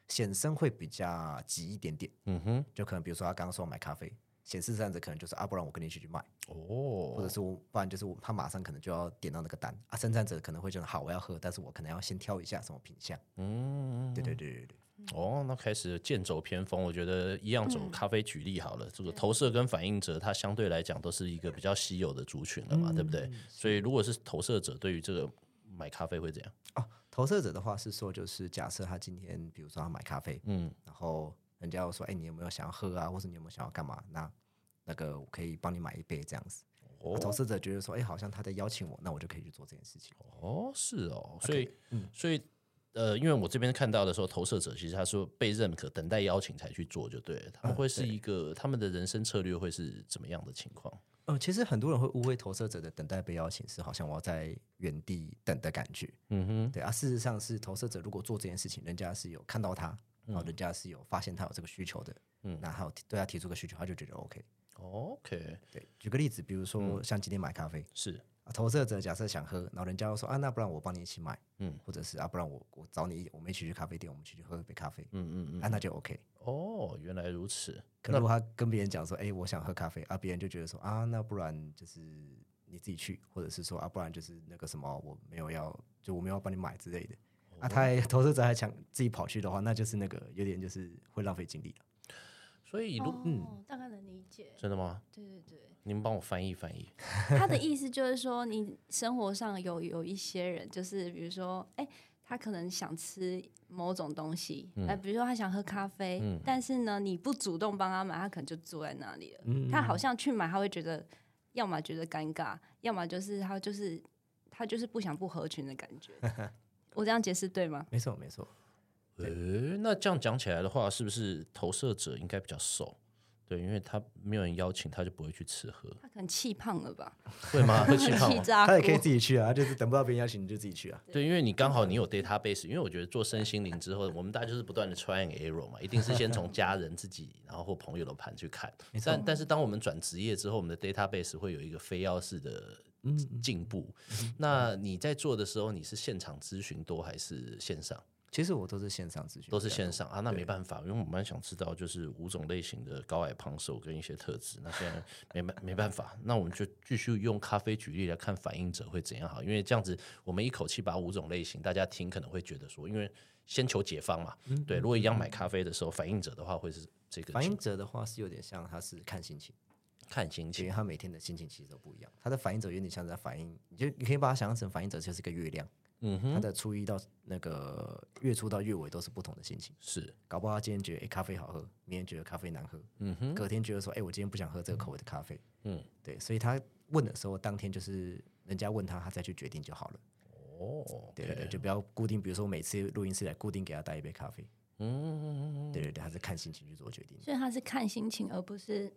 顯生會比較急一點點。嗯哼，就可能比如說他剛剛說買咖啡。顯示者可能就是啊，不然我跟你一起去買哦，或者是不然就是他馬上可能就要點到那個單啊，生產者可能會覺得好，我要喝，但是我可能要先挑一下什麼品項。嗯，對對對對對，對。哦，那開始劍走偏鋒，我覺得一樣走咖啡舉例好了。嗯、這個投射跟反映者，他相對來講都是一個比較稀有的族群了嘛，嗯、對不對？所以如果是投射者，對於這個買咖啡會怎樣啊？投射者的話是說，就是假設他今天比如說他買咖啡，嗯，然後。人家又說：“哎、欸，你有沒有想要喝啊？或是你有沒有想要幹嘛？那那個我可以幫你買一杯這樣子。哦”啊、投射者覺得說：“哎、欸，好像他在邀請我，那我就可以去做這件事情。”哦，是哦，okay, 所以，嗯、所以，呃，因為我這邊看到的時候，投射者其實他說被認可，等待邀請才去做，就對了。他們會是一個、嗯、他們的人生策略會是怎麼樣的情況？嗯、呃，其實很多人會誤會投射者的等待被邀請是好像我要在原地等的感覺。嗯哼，對啊，事實上是投射者如果做這件事情，人家是有看到他。然後，人家是有發現他有這個需求的，嗯、然後對他提出個需求，他就覺得 OK，OK，、OK、Okay, 對，舉個例子，比如說、嗯、像今天買咖啡，是，投射者假設想喝，然後人家說，啊，那不然我幫你一起買，嗯，或者是啊，不然我我找你，我們一起去咖啡店，我們去喝一杯咖啡，嗯嗯嗯、啊，那就 OK，哦，原來如此，那如果他跟別人講說，哎，我想喝咖啡，啊，別人就覺得說啊，那不然就是你自己去，或者是說啊，不然就是那個什麼，我沒有要，就我沒有要幫你買之類的。啊、他投資者還想自己跑去的話，那就是那個有點就是會浪費精力的。所以，如、哦、嗯，大概能理解。真的嗎？對對對。你們幫我翻譯翻譯。他的意思就是說，你生活上有有一些人，就是比如說，哎、欸，他可能想吃某種東西，哎、嗯呃，比如說他想喝咖啡，嗯、但是呢，你不主動幫他買，他可能就坐在那裡了。嗯嗯，他好像去買，他會覺得要麼覺得尷尬，要麼就是他就是他就是不想不合群的感覺。 我這樣解釋對嗎？沒錯，沒錯。欸，那這樣講起來的話，是不是投射者應該比較瘦？對，因為他沒有人邀請，他就不會去吃喝。他可能氣胖了吧？會嗎？會氣胖嗎？ 他也可以自己去啊，就是等不到別人邀請，你就自己去啊。對，因為你剛好你有 database，因為我覺得做身心靈之後，我們大家就是不斷的 try and error 嘛，一定是先從家人自己，然後或朋友的盤去看。從但但是，當我們轉職業之後，我們的 database 會有一個非要式的。嗯，進步。那你在做的時候，你是現場諮詢多還是線上？其實我都是線上諮詢，都是線上啊。那沒辦法，對因為我們蠻想知道，就是五種類型的高矮胖瘦跟一些特質。那現在沒辦 沒辦法，那我們就繼續用咖啡舉例來看反應者會怎樣好，因為這樣子我們一口氣把五種類型大家聽可能會覺得說，因為先求解方嘛。嗯、對，如果一樣買咖啡的時候，嗯、反應者的話會是這個。反應者的話是有點像，他是看心情。看心情，因為他每天的心情其實都不一樣。他的反應者有點像在反應，你就你可以把它想象成反應者就是一個月亮。嗯哼，他的初一到那個月初到月尾都是不同的心情，是。搞不好他今天覺得哎咖啡好喝，明天覺得咖啡難喝。嗯哼，隔天覺得說哎我今天不想喝這個口味的咖啡。嗯，對。所以他問的時候，當天就是人家問他，他再去決定就好了。哦，對對對，嗯、就不要固定，比如說我每次錄音室來固定給他帶一杯咖啡。嗯,嗯,嗯,嗯對對對，他是看心情去做決定的，所以他是看心情而不是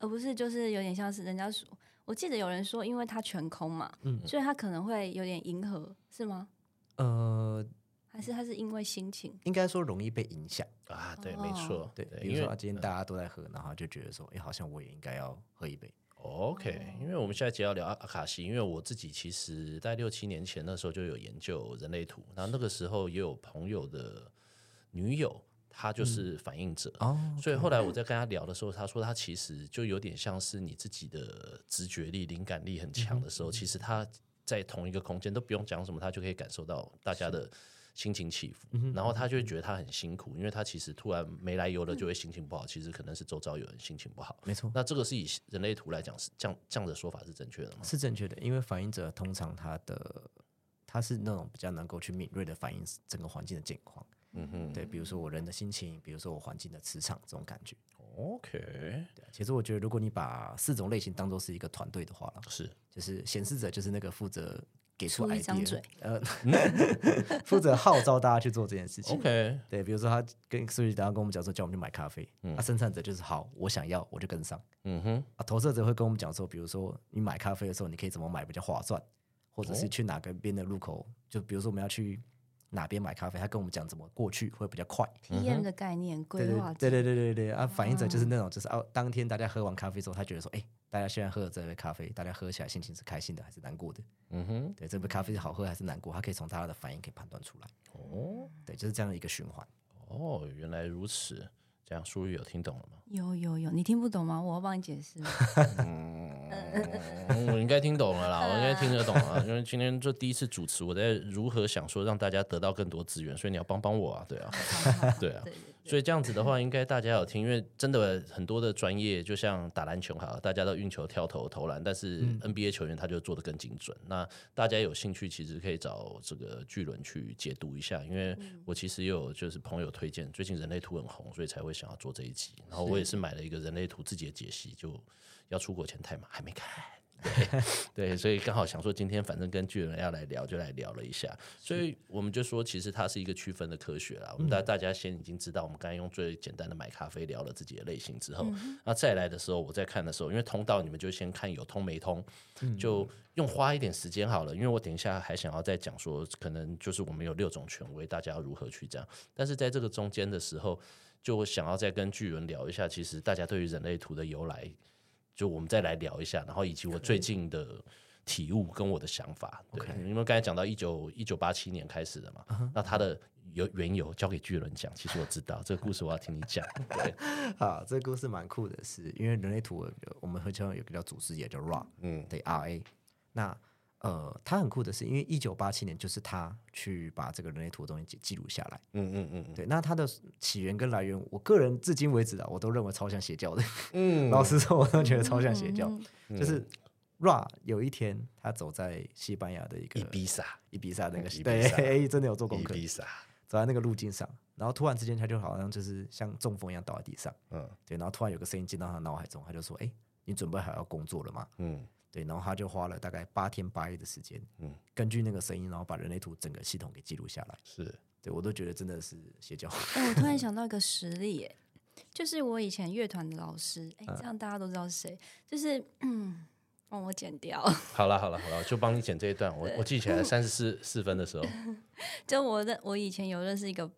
而不是就是有點像是人家說，我記得有人說，因為他全空嘛，嗯、所以他可能會有點迎合，是嗎？呃，還是他是因為心情，應該說容易被影響啊。對，哦、沒錯，對。對，因為，比如說今天大家都在喝，然後就覺得說，哎、欸，好像我也應該要喝一杯。嗯、OK，因為我們現在就要聊阿卡西，因為我自己其實在六七年前那時候就有研究人類圖，然後那個時候也有朋友的女友。他就是反應者，嗯、所以後來我在跟他聊的時候，他說他其實就有點像是你自己的直覺力、靈感力很強的時候，嗯、其實他在同一個空間、嗯、都不用講什麼，他就可以感受到大家的心情起伏。是然後他就會覺得他很辛苦，嗯、因為他其實突然沒來由的就會心情不好，嗯、其實可能是周遭有人心情不好。沒錯錯，那這個是以人類圖來講是這樣這樣的說法是正確的嗎？是正確的，因為反應者通常他的他是那種比較能夠去敏銳的反映整個環境的情況。嗯哼、嗯，對，比如說我人的心情，比如說我環境的磁場這種感覺。OK，其實我覺得，如果你把四種類型當做是一個團隊的話，是，就是顯示者就是那個負責給出 idea，呃， 負責號召大家去做這件事情。OK，對，比如說他跟 Surii，然後跟我們講說叫我們去買咖啡。嗯，啊、生產者就是好，我想要我就跟上。嗯哼，啊、投射者會跟我們講說，比如說你買咖啡的時候，你可以怎麼買比較划算，或者是去哪個邊的路口，哦、就比如說我們要去。哪邊買咖啡？他跟我們講怎麼過去會比較快。體驗的概念規劃，對對對對對、嗯、啊！反映者就是那種，就是哦、啊，當天大家喝完咖啡之後，他覺得說，哎、欸，大家現在喝了這杯咖啡，大家喝起來心情是開心的還是難過的？嗯哼，對，這杯咖啡是好喝還是難過？他可以從大家的反應可以判斷出來。哦，對，就是這樣一個循環。哦，原來如此。這樣術語有聽懂了嗎？有有有，你聽不懂嗎？我要幫你解釋。 嗯、 我應該聽懂了啦，我應該聽得懂了啦 因為今天這第一次主持，我在如何想說讓大家得到更多資源，所以你要幫幫我啊，對啊， 對啊。 對所以這樣子的話，應該大家有聽，因為真的很多的專業，就像打籃球哈，大家都運球、跳投、投籃，但是 NBA 球員他就做得更精準。嗯。那大家有興趣，其實可以找這個巨輪去解讀一下，因為我其實也有就是朋友推薦，最近人類圖很紅，所以才會想要做這一集。然後我也是買了一個人類圖自己的解析，就要出國前太忙，還沒看。 對，對，所以剛好想說，今天反正跟巨輪要來聊，就來聊了一下。所以我們就說，其實它是一個區分的科學啦。我們大大家先已經知道，我們剛才用最簡單的買咖啡聊了自己的類型之後，那再來的時候，我在看的時候，因為通道你們就先看有通沒通，就用花一點時間好了。因為我等一下還想要再講說，可能就是我們有六種權威，大家要如何去這樣。但是在這個中間的時候，就我想要再跟巨輪聊一下，其實大家對於人類圖的由來。就我們再來聊一下，然後以及我最近的體悟跟我的想法。Okay. 對，因為剛才講到一九一九八七年開始的嘛，uh huh. 那它的原緣由交給巨人講。Uh huh. 其實我知道 這個故事，我要聽你講。 對，好，這個故事蠻酷的是，因為人類圖文我們會講有一個叫祖師爺，叫 RA，嗯，對 RA，那。呃，他很酷的是，因為一九八七年就是他去把這個人類圖的東西記錄下來。嗯嗯嗯對，那他的起源跟來源，我個人至今為止啊，我都認為超像邪教的。嗯，老實說，我都覺得超像邪教。嗯嗯、就是 Ra 有一天他走在西班牙的一個，伊比薩、伊比薩的那個，嗯、對，哎，真的有做功課。伊比薩走在那個路徑上，然後突然之間他就好像就是像中風一樣倒在地上。嗯。對，然後突然有個聲音進到他腦海中，他就說：“哎，你準備好要工作了嗎？”嗯。對，然後他就花了大概八天八夜的時間，嗯，根據那個聲音，然後把人類圖整個系統給記錄下來。是，對我都覺得真的是邪教哦。我突然想到一個實例，就是我以前樂團的老師，哎、嗯，這樣大家都知道是誰，就是幫、嗯哦，我剪掉了好。好了好了好了，就幫你剪這一段。我對我記起來三十四四分的時候，就我的我以前有認識一個，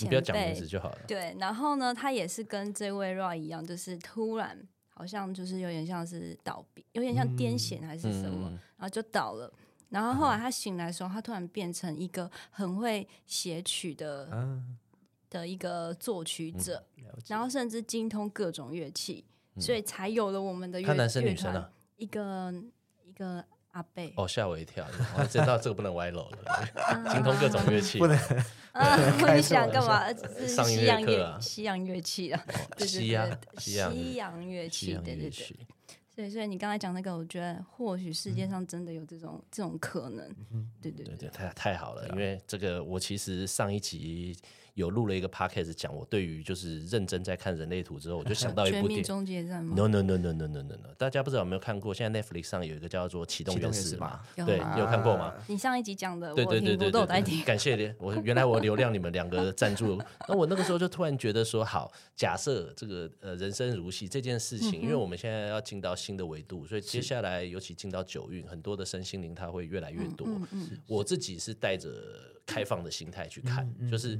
你不要講名字就好了。對，然後呢，他也是跟這位 Roy 一樣，就是突然。好像就是有點像是倒閉，有點像癲癇還是什麼，嗯嗯、然後就倒了。然後後來他醒來的時候，他突然變成一個很會寫曲的，啊、的一個作曲者，嗯、然後甚至精通各種樂器，所以才有了我們的樂，生生、啊、樂團一個一個。一個阿貝，哦，嚇我一跳，我知道這個不能歪樓了，精通各種樂器，不能。你想幹嘛？上音樂課啊？西洋樂器啊？對對對，西洋樂器，對對對。所以，所以你剛才講那個，我覺得或許世界上真的有這種這種可能。嗯，對對對對，太太好了，因為這個我其實上一集。有錄了一個 podcast 講我對於就是認真在看《人類圖》之後，我就想到一部電影。No no no no no no no，大家不知道有沒有看過？現在 Netflix 上有一個叫做《啟動原始碼》嘛？對，你有看過嗎？你上一集講的，我聽不夠，我感謝我原來我流量你們兩個贊助，那我那個時候就突然覺得說好，假設這個呃人生如戲這件事情，因為我們現在要進到新的維度，所以接下來尤其進到九運，很多的身心靈它會越來越多。嗯嗯嗯、我自己是帶着開放的心態去看，嗯嗯、就是。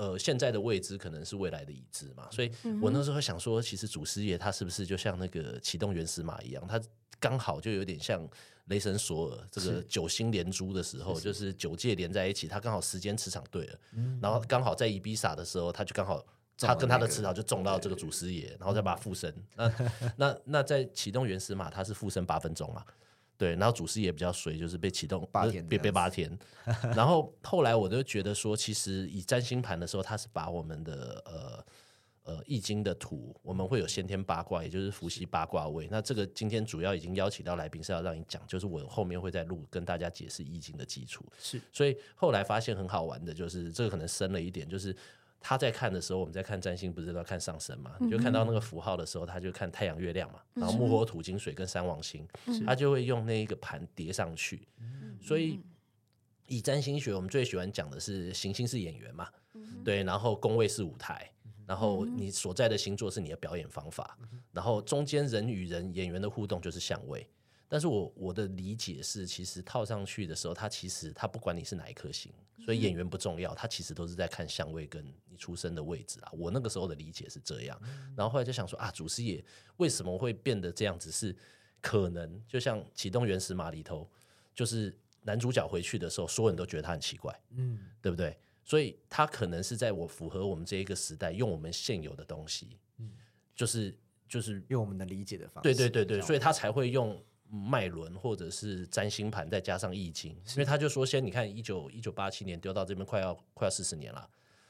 呃，現在的未知可能是未來的已知嘛，所以我那時候會想說，其實祖師爺他是不是就像那個啟動原始碼一樣，他剛好就有點像雷神索爾這個九星連珠的時候，就是九界連在一起，他剛好時間磁場對了，然後剛好在伊比薩的時候，他就剛好他跟他的磁場就中到這個祖師爺，然後再把他附身。那那那在啟動原始碼，他是附身八分鐘嘛。對，然後主師也比較隨，就是被啟動，八天呃、被被八天。 然後後來我就覺得說，其實以占星盤的時候，它是把我們的呃呃易經的圖，我們會有先天八卦，也就是伏羲八卦位。是那這個今天主要已經邀請到來賓是要讓你講，就是我後面會再錄跟大家解釋易經的基礎。是，所以後來發現很好玩的就是這個可能深了一點，就是。他在看的時候，我們在看占星，不是都要看上升嘛？你、嗯嗯、就看到那個符號的時候，他就看太陽、月亮嘛。然後木火土金水跟三王星，的他就會用那一個盤疊上去。的所以以占星學，我們最喜歡講的是，行星是演員嘛，嗯嗯對，然後宮位是舞台，然後你所在的星座是你的表演方法，然後中間人與人演員的互動就是相位。但是我我的理解是，其實套上去的時候，他其實他不管你是哪一顆星，所以演員不重要，他其實都是在看相位跟你出生的位置啊。我那個時候的理解是這樣，然後後來就想說啊，祖師爺為什麼會變得這樣子？是可能就像《啟動原始碼》裡頭，就是男主角回去的時候，所有人都覺得他很奇怪，嗯，對不對？所以他可能是在我符合我們這一個時代，用我們現有的東西，嗯，就是就是用我們的理解的方式，對對對對，所以他才會用。脈輪或者是占星盤，再加上易經，是因為他就說：先你看，一九一九八七年丟到這邊，快要快要四十年了，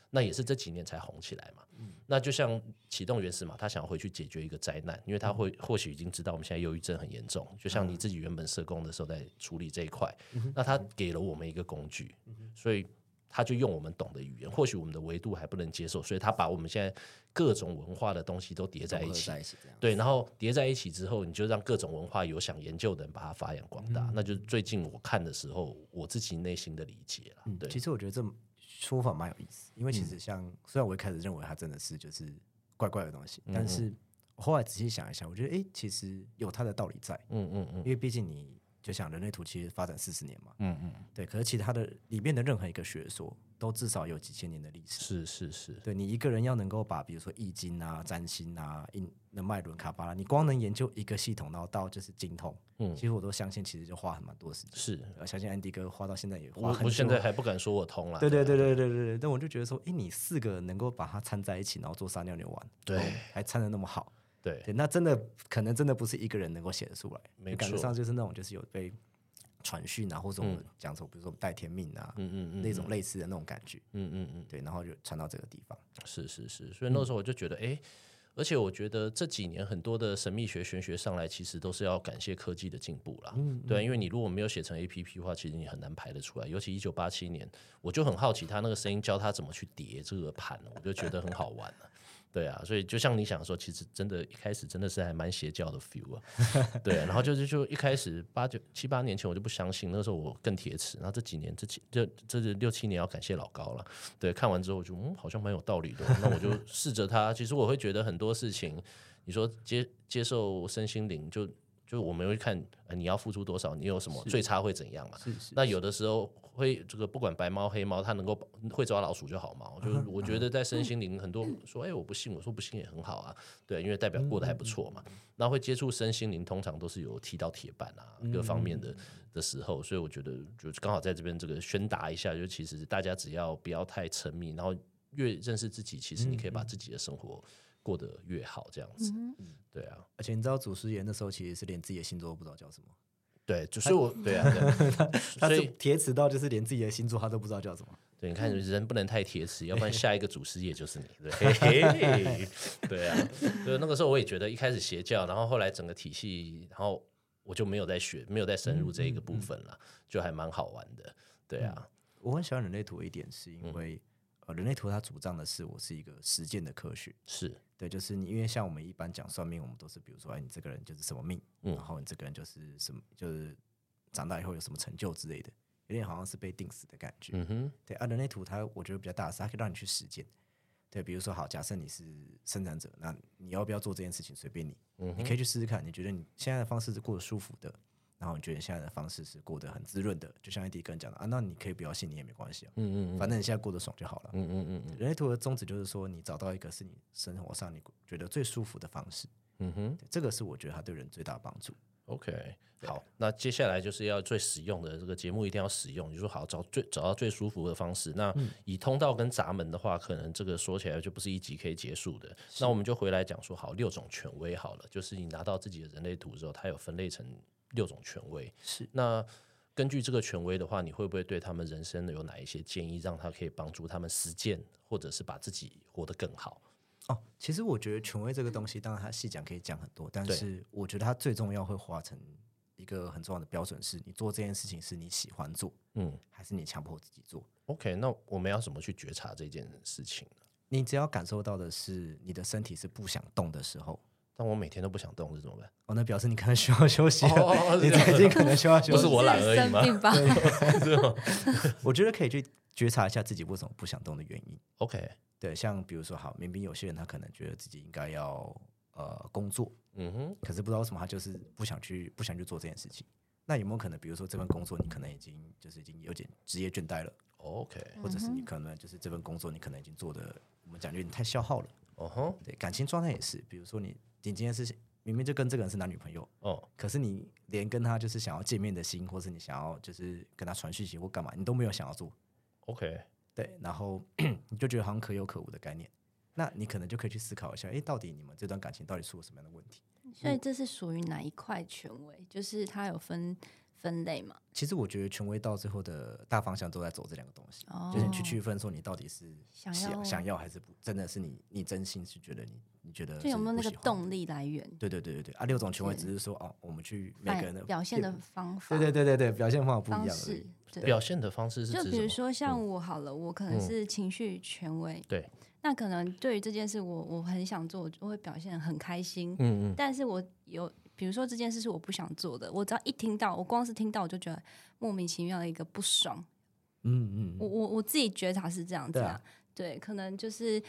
那也是這幾年才紅起來嘛。嗯、那就像啟動原始嘛，他想要回去解決一個災難，因為他會、嗯、或許已經知道我們現在憂鬱症很嚴重，就像你自己原本社工的時候在處理這一塊，嗯、哼那他給了我們一個工具，嗯、哼所以。他就用我們懂的語言，或許我們的維度還不能接受，所以他把我們現在各種文化的東西都疊在一起，一起對，然後疊在一起之後，你就讓各種文化有想研究的人把它發揚光大。嗯、那就是最近我看的時候，我自己內心的理解了。嗯、對，其實我覺得這說法蠻有意思，因為其實像、嗯、雖然我一開始認為它真的是就是怪怪的東西，但是我後來仔細想一想，我覺得哎，其實有它的道理在。嗯嗯嗯，嗯嗯因為畢竟你。就像人類圖其實發展四十年嘛，嗯嗯，對。可是其他的裡面的任何一個學說，都至少有幾千年的歷史。是是是對，對你一個人要能夠把比如說易經啊、占星啊、印那脈輪卡巴拉，你光能研究一個系統，然後到就是精通，嗯，其實我都相信，其實就花很蠻多時間。是，我相信安迪哥花到現在也花很，我我現在還不敢說我通了。對對對對對對對，但我就覺得說，哎、欸，你四個人能夠把它摻在一起，然後做撒尿牛丸，對，還摻得那麼好。對，對，那真的可能真的不是一個人能夠寫得出來，沒錯感覺上就是那種就是有被傳訊啊，或者我們講說，嗯、比如說我們戴天命啊，嗯，嗯嗯嗯，那種類似的那種感覺，嗯嗯嗯，對，然後就傳到這個地方，是是是，所以那時候我就覺得，哎、嗯欸，而且我覺得這幾年很多的神秘學玄學上來，其實都是要感謝科技的進步啦。嗯嗯對、啊，因為你如果沒有寫成 APP 的話，其實你很難排得出來，尤其一九八七年，我就很好奇他那個聲音教他怎麼去疊這個盤，我就覺得很好玩了、啊。 對啊，所以就像你想說，其實真的一開始真的是還蠻邪教的 feel 啊。 對啊，然後就是就，就一開始八九七八年前我就不相信，那時候我更鐵齒。然後這幾年這這這六七年要感謝老高了。對，看完之後就嗯，好像蠻有道理的啊。 那我就試着他，其實我會覺得很多事情，你說接接受身心靈，就就我們會看、呃、你要付出多少，你有什麼最差會怎樣嘛、啊。是是。那有的時候。會這個不管白貓黑貓，它能夠會抓老鼠就好嘛。就我覺得在身心靈很多說，嗯嗯、哎，我不信。我說不信也很好啊，對，因為代表過得還不錯嘛。那、嗯嗯、會接觸身心靈，通常都是有踢到鐵板啊，嗯、各方面的的時候。所以我覺得就剛好在這邊這個宣達一下，就其實大家只要不要太沉迷，然後越認識自己，其實你可以把自己的生活過得越好，這樣子。嗯嗯嗯、對啊，而且你知道祖師爺那時候，其實是連自己的星座都不知道叫什麼。對，就是我他對啊，所以鐵齒到就是連自己的星座他都不知道叫什麼。對，你看人不能太鐵齒，嗯、要不然下一個祖師爺就是你。 對， 對啊，所以那個時候我也覺得一開始邪教，然後後來整個體系，然後我就沒有再學，沒有再深入這一個部分了，嗯嗯就還蠻好玩的。對啊，我很喜歡人類圖一點是因為。人類圖他主張的是，我是一個實踐的科學，是，對，就是你，因為像我們一般講算命，我們都是比如說，哎，你這個人就是什麼命，然後你這個人就是什麼，就是長大以後有什麼成就之類的，有點好像是被定死的感覺。嗯哼，對啊，人類圖它我覺得比較大的是，它可以讓你去實踐。對，比如說好，假設你是生產者，那你要不要做這件事情，隨便你，你可以去試試看，你覺得你現在的方式是過得舒服的。然後我覺得你現在的方式是過得很滋潤的，就像安迪剛剛講的啊，那你可以不要信你也沒關係啊，嗯，嗯嗯，反正你現在過得爽就好了，嗯嗯嗯嗯。人類圖的宗旨就是說，你找到一個是你生活上你覺得最舒服的方式，嗯哼，這個是我覺得他對人最大的幫助。OK，對好，那接下來就是要最實用的，這個節目一定要實用。你、就、說、是、好，好找最找到最舒服的方式，那以通道跟閘門的話，可能這個說起來就不是一集可以結束的。是那我們就回來講說，好，六種權威好了，就是你拿到自己的人類圖之後，它有分類成。六種權威是，那根據這個權威的話，你會不會對他們人生的有哪一些建議，讓他可以幫助他們實踐，或者是把自己活得更好？哦，其實我覺得權威這個東西，當然它細講可以講很多，但是我覺得它最重要會化成一個很重要的標準，是你做這件事情是你喜歡做，嗯，還是你強迫自己做？OK，那我們要怎麼去覺察這件事情呢？你只要感受到的是你的身體是不想動的時候。那我每天都不想動，是怎麼辦？哦，那表示你可能需要休息，哦哦、你最近可能需要休息，不是我懶而已嗎？對，我覺得可以去覺察一下自己為什麼不想動的原因。OK，對，像比如說，好，明明有些人他可能覺得自己應該要呃工作，嗯哼，可是不知道為什麼他就是不想去不想去做這件事情。那有沒有可能，比如說這份工作你可能已經就是已經有點職業倦怠了？OK，嗯、哼或者是你可能就是這份工作你可能已經做的我們講有點太消耗了。哦、嗯、哼對，感情狀態也是，比如說你。你今天是明明就跟這個人是男女朋友哦，Oh. 可是你連跟他就是想要見面的心，或是你想要就是跟他傳訊息或幹嘛，你都沒有想要做。OK，對，然後 你就覺得好像可有可無的概念，那你可能就可以去思考一下，誒、欸，到底你們這段感情到底出了什麼樣的問題？所以這是屬於哪一塊權威？嗯、就是它有分。分類嘛，其實我覺得權威到最後的大方向都在走這兩個東西，oh, 就是你去區分說你到底是想，想要、想要還是不，真的是你你真心是覺得你你覺得是，所以有沒有那個動力來源，對對對對對啊，六種權威只是說對哦，我們去每個人的表現的方法，對對對對表現方法不一樣，是表現的方式是對就比如說像我好了，我可能是情緒權威，嗯嗯、對，那可能對於這件事我，我我很想做，我就會表現很開心，嗯嗯，但是我有。比如說這件事是我不想做的，我只要一聽到，我光是聽到我就覺得莫名其妙的一個不爽。嗯，嗯嗯，我我我自己覺察是這樣子啊，對，可能就是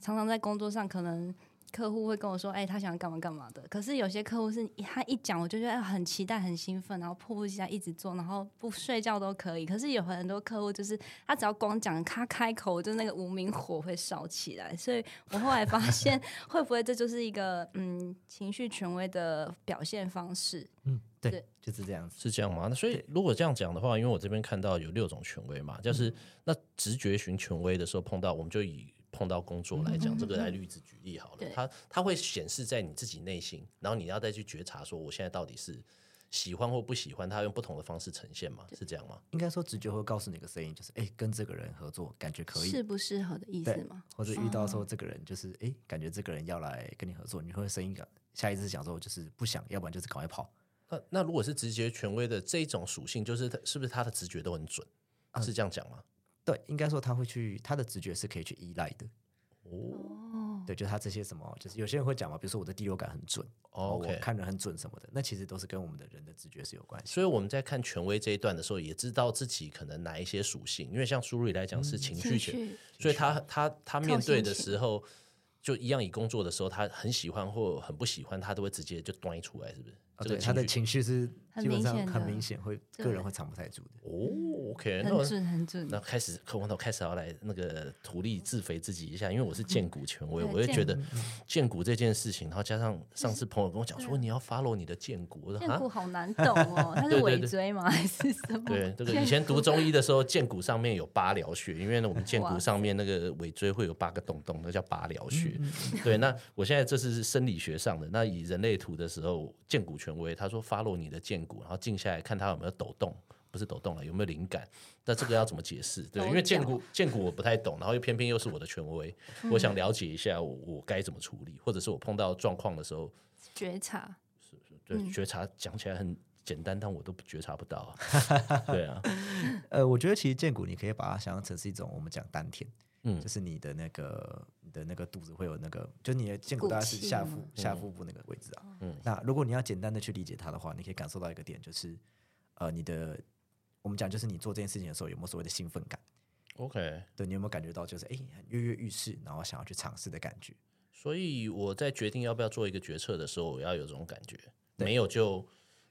常常在工作上可能。客戶會跟我說：“哎、欸，他想幹嘛幹嘛的。”可是有些客戶是他一講我就覺得很期待、很興奮，然後迫不及待一直做，然後不睡覺都可以。可是有很多客戶就是他只要光講，他開口就那個無名火會燒起來。所以我後來發現， 會不會這就是一個，嗯，情緒權威的表現方式？嗯，對，就是這樣，ian 是這樣嗎？那所以如果這樣講的話，對因為我這邊看到有六種權威嘛，就是、嗯、那直覺型權威的時候碰到，我們就以。碰到工作來講，嗯嗯嗯嗯、這個來例子舉例好了，他對它，它會顯示在你自己內心，然後你要再去覺察說，我現在到底是喜歡或不喜歡他，它用不同的方式呈現嘛？對是這樣嗎？應該說直覺會告訴你一個聲音，就是哎、欸，跟這個人合作感覺可以，適不適合的意思嗎？或者遇到時候、哦、這個人就是哎、欸，感覺這個人要來跟你合作，你會聲音感下意識想說，就是不想要，不然不想，要不然就是趕快跑。那那如果是直覺權威的這種屬性，就是他是不是他的直覺都很準？是這樣講嗎？嗯對，應該說他會去，他的直覺是可以去依賴的。哦，oh. 對，就他這些什麼，就是有些人會講嘛，比如說我的第六感很準，我、oh, okay. 看人很準什麼的，那其實都是跟我們的人的直覺是有關係。所以我們在看權威這一段的時候，也知道自己可能哪一些屬性，因為像 Surii 來講是情緒權，所以他他他,他面對的時候，就一樣以工作的時候，他很喜歡或很不喜歡，他都會直接就端出來，是不是？啊、對，他的情緒是。基本上很明顯會、嗯、個人會藏不太住的哦。Oh, OK，很準很準。很準，那開始，我開始要來那個圖利自肥自己一下，因為我是薦骨權威， 對我會覺得薦骨這件事情。然後加上上次朋友跟我講說，對你要 follow 你的薦骨。薦骨好難懂哦。那是尾椎嗎？還是什麼？對，這個以前讀中醫的時候，薦骨上面有八髎穴，因為呢，我們薦骨上面那個尾椎會有八個洞洞，那叫八髎穴。 嗯嗯對，那我現在這是生理學上的。那以人類圖的時候，薦骨權威他說 follow 你的薦骨。然後靜下來看它有沒有抖動，不是抖動了，有沒有靈感？那這個要怎麼解釋？對，因為薦骨，薦骨我不太懂，然後又偏偏又是我的權威，嗯、我想了解一下我我該怎麼處理，或者是我碰到狀況的時候覺察是是，是，對，嗯、覺察講起來很簡單，但我都覺察不到、啊，對啊， 呃，我覺得其實薦骨你可以把它想象成是一種我們講丹田。就是你的那個，你的那個肚子會有那個，就是你的薦骨大概是下腹、下腹部那個位置啊。嗯，那如果你要簡單的去理解它的話，你可以感受到一個點，就是呃，你的我們講就是你做這件事情的時候有沒有所謂的興奮感？OK，對你有沒有感覺到就是哎躍躍欲試，然後想要去嘗試的感覺？所以我在決定要不要做一個決策的時候，我要有這種感覺，沒有就。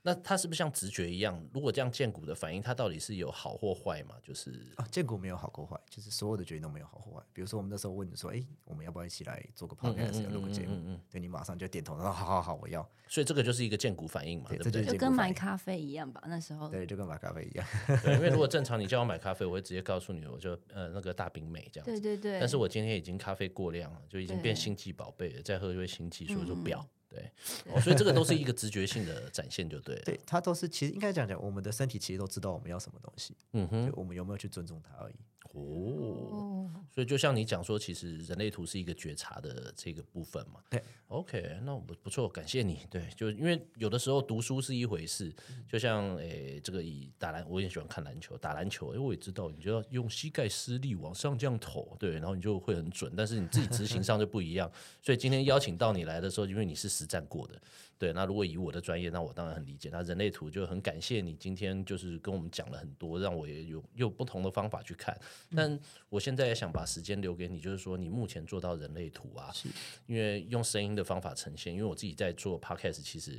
那他是不是像直覺一樣？如果這樣薦骨的反應，它到底是有好或壞嘛？就是啊，薦骨沒有好或壞，就是所有的決定都沒有好或壞。比如說我們那時候問你說：“哎、欸，我們要不要一起來做個 podcast，錄個節目？”對，你馬上就點頭，說：“好好好，我要。”所以這個就是一個薦骨反應嘛，對，對不對？就跟買咖啡，應咖啡一樣吧，那時候對，就跟買咖啡一樣。 對，因為如果正常你叫我買咖啡，我會直接告訴你，我就呃那個大冰美這樣子。對，對對對。但是我今天已經咖啡過量了，就已經變星際寶貝了，對再喝就會星際，所以就不要。嗯。對、哦，所以這個都是一個直覺性的展現，就對。 對，它都是其實應該講講，我們的身體其實都知道我們要什麼東西，嗯哼，對，我們有沒有去尊重它而已。哦，所以就像你講說，其實人類圖是一個覺察的這個部分嘛，對。OK，那我不錯，感謝你。對，就是因為有的時候讀書是一回事，就像誒、欸，這個以打籃，我也喜歡看籃球，打籃球，因為，欸，我也知道，你就要用膝蓋施力往上這樣投，對，然後你就會很準，但是你自己執行上就不一樣。 所以今天邀請到你來的時候，因為你是實戰過的。對，那如果以我的專業，那我當然很理解。那人類圖就很感謝你今天就是跟我們講了很多，讓我也有用不同的方法去看。但我現在也想把時間留給你，就是說你目前做到人類圖啊，是因為用聲音的方法呈現，因為我自己在做 Podcast，其實。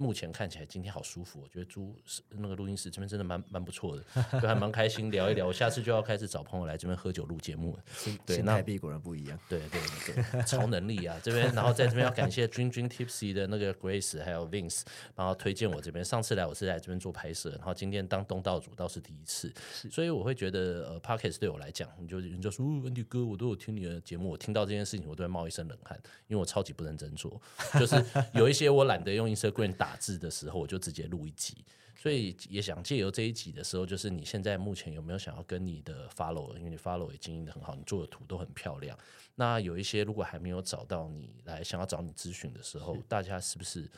目前看起來，今天好舒服，我覺得租那個錄音室這邊真的蠻蠻不錯的， 就還蠻開心聊一聊。我下次就要開始找朋友來這邊喝酒錄節目了。嗯、對，新台幣果然不一樣。對對對，對那個、超能力啊！ 這邊然後在這邊要感謝君君 Tipsy 的那個 Grace 還有 Vince，然後推薦我這邊。上次來我是在這邊做拍攝，然後今天當東道主倒是第一次，是所以我會覺得呃 Podcast 對我來講，你就你就說安迪、哦、哥，我都有聽你的節目，我聽到這件事情我都會冒一身冷汗，因為我超級不認真做，就是有一些我懶得用 Instagram 打。打字的時候我就直接錄一集，所以也想借由這一集的時候，就是你現在目前有沒有想要跟你的 follow 因為你 follow 也經營得很好，你做的圖都很漂亮。那有一些如果還沒有找到你來想要找你諮詢的時候，大家是不是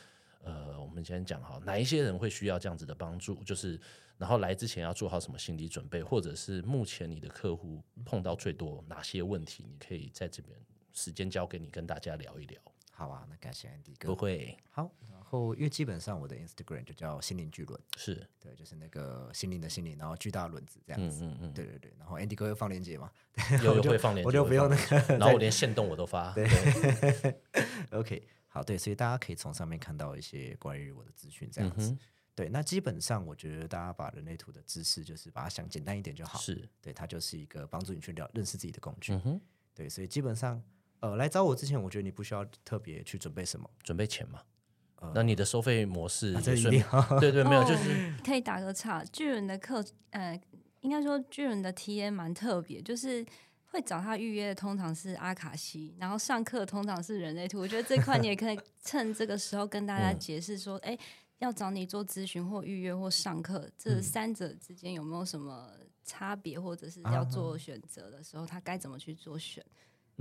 呃，我們先講好哪一些人會需要這樣子的幫助？就是然後來之前要做好什麼心理準備，或者是目前你的客戶碰到最多哪些問題？你可以在這邊時間交給你跟大家聊一聊。好啊，那感謝 Andy 哥。不會，好，然後因為基本上我的 Instagram 就叫心靈巨輪，是對，就是那個心靈的心靈，然後巨大輪子這樣子，嗯嗯對對對，然後 Andy 哥又放鏈接嘛，又會放鏈接，我就不用那個，然後我連線動我都發，對，OK，好，對，所以大家可以從上面看到一些關於我的資訊這樣子，對，那基本上我覺得大家把人類圖的知識就是把它想簡單一點就好，是對，它就是一個幫助你去了解認識自己的工具，嗯哼，對，所以基本上。呃，來找我之前，我覺得你不需要特別去準備什麼，準備錢嘛。呃、嗯，那你的收費模式，啊這個、對對， 沒有，就是、oh, 可以打個岔。巨輪的課，呃，應該說巨輪的體驗蠻特別，就是會找他預約的通常是阿卡西，然後上課通常是人類圖。我覺得這塊你也可以趁這個時候跟大家解釋說，哎、 嗯，要找你做諮詢或預約或上課，這三者之間有沒有什麼差別，或者是要做選擇的時候，啊嗯、他該怎麼去做選？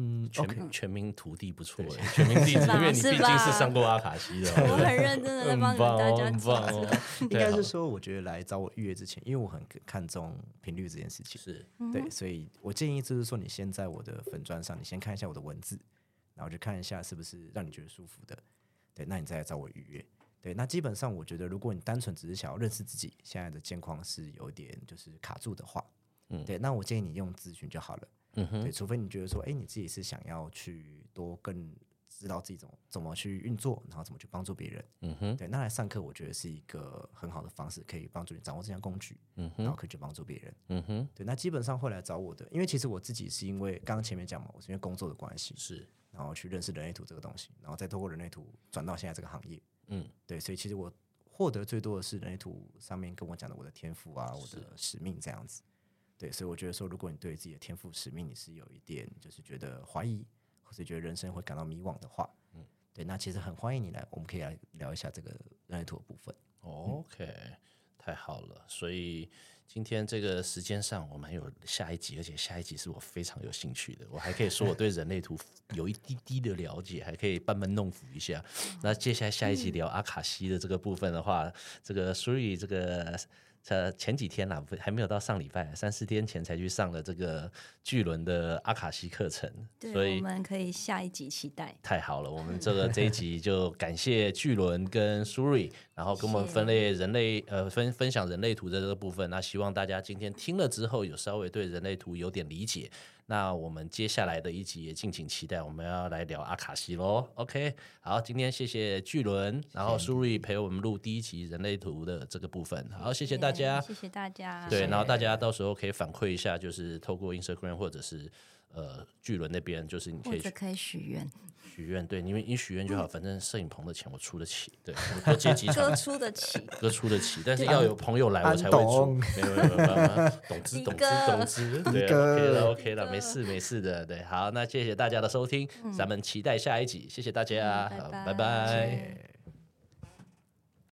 嗯，全全民徒弟不錯，全民弟子，因為你畢竟是上過阿卡西的，我很認真的在幫大家。很棒。應該是說，我覺得來找我預約之前，因為我很看重頻率這件事情，是對，所以我建議就是說，你先在我的粉專上，你先看一下我的文字，然後就看一下是不是讓你覺得舒服的，對，那你再來找我預約。對，那基本上我覺得，如果你單純只是想要認識自己現在的健康是有點就是卡住的話，嗯，對，那我建議你用諮詢就好了。嗯哼，對，除非你覺得說，誒、欸，你自己是想要去多更知道自己怎麼怎麼去運作，然後怎麼去幫助別人，嗯哼，對，那來上課我覺得是一個很好的方式，可以幫助你掌握這項工具，嗯哼，然後可以去幫助別人，嗯哼，對，那基本上會來找我的，因為其實我自己是因為剛剛前面講嘛，我是因為工作的關係是，然後去認識人類圖這個東西，然後再通過人類圖轉到現在這個行業，嗯，對，所以其實我獲得最多的是人類圖上面跟我講的我的天賦啊，是我的使命這樣子。對，所以我覺得說，如果你對自己的天賦使命你是有一點就是覺得懷疑，或者覺得人生會感到迷惘的話，嗯，對，那其實很歡迎你來，我們可以來聊一下這個人類圖的部分。OK，嗯，太好了，所以今天這個時間上我們還有下一集，而且下一集是我非常有興趣的，我還可以說我對人類圖有一滴滴的了解， 還可以班門弄斧一下。那接下來下一集聊阿卡西的這個部分的話，嗯、這個所以這個。呃，前幾天啦、啊，還沒有到上禮拜、啊，三四天前才去上了這個巨輪的阿卡西課程，對所以我們可以下一集期待。太好了，我們這個這一集就感謝巨輪跟 Surii，然後跟我們分類人類，呃，分分享人類圖的這個部分。那希望大家今天聽了之後，有稍微對人類圖有點理解。那我們接下來的一集也敬請期待，我們要來聊阿卡西嘍，OK？好，今天謝謝巨輪，是然後 Surii 陪我們錄第一集人類圖的這個部分，好，謝謝大家，謝謝大家，對，是然後大家到時候可以反饋一下，就是透過 Instagram 或者是。呃，巨輪那邊就是你可以，許願，許願對，你們你許願就好，反正攝影棚的錢我出得起，對，我多借幾，哥出得起，哥出得起，但是要有朋友來我才會出，沒有沒有沒有，懂之懂之懂之，對，OK 了 OK 了，沒事沒事的，對，好，那謝謝大家的收聽，咱們期待下一集，謝謝大家，拜拜。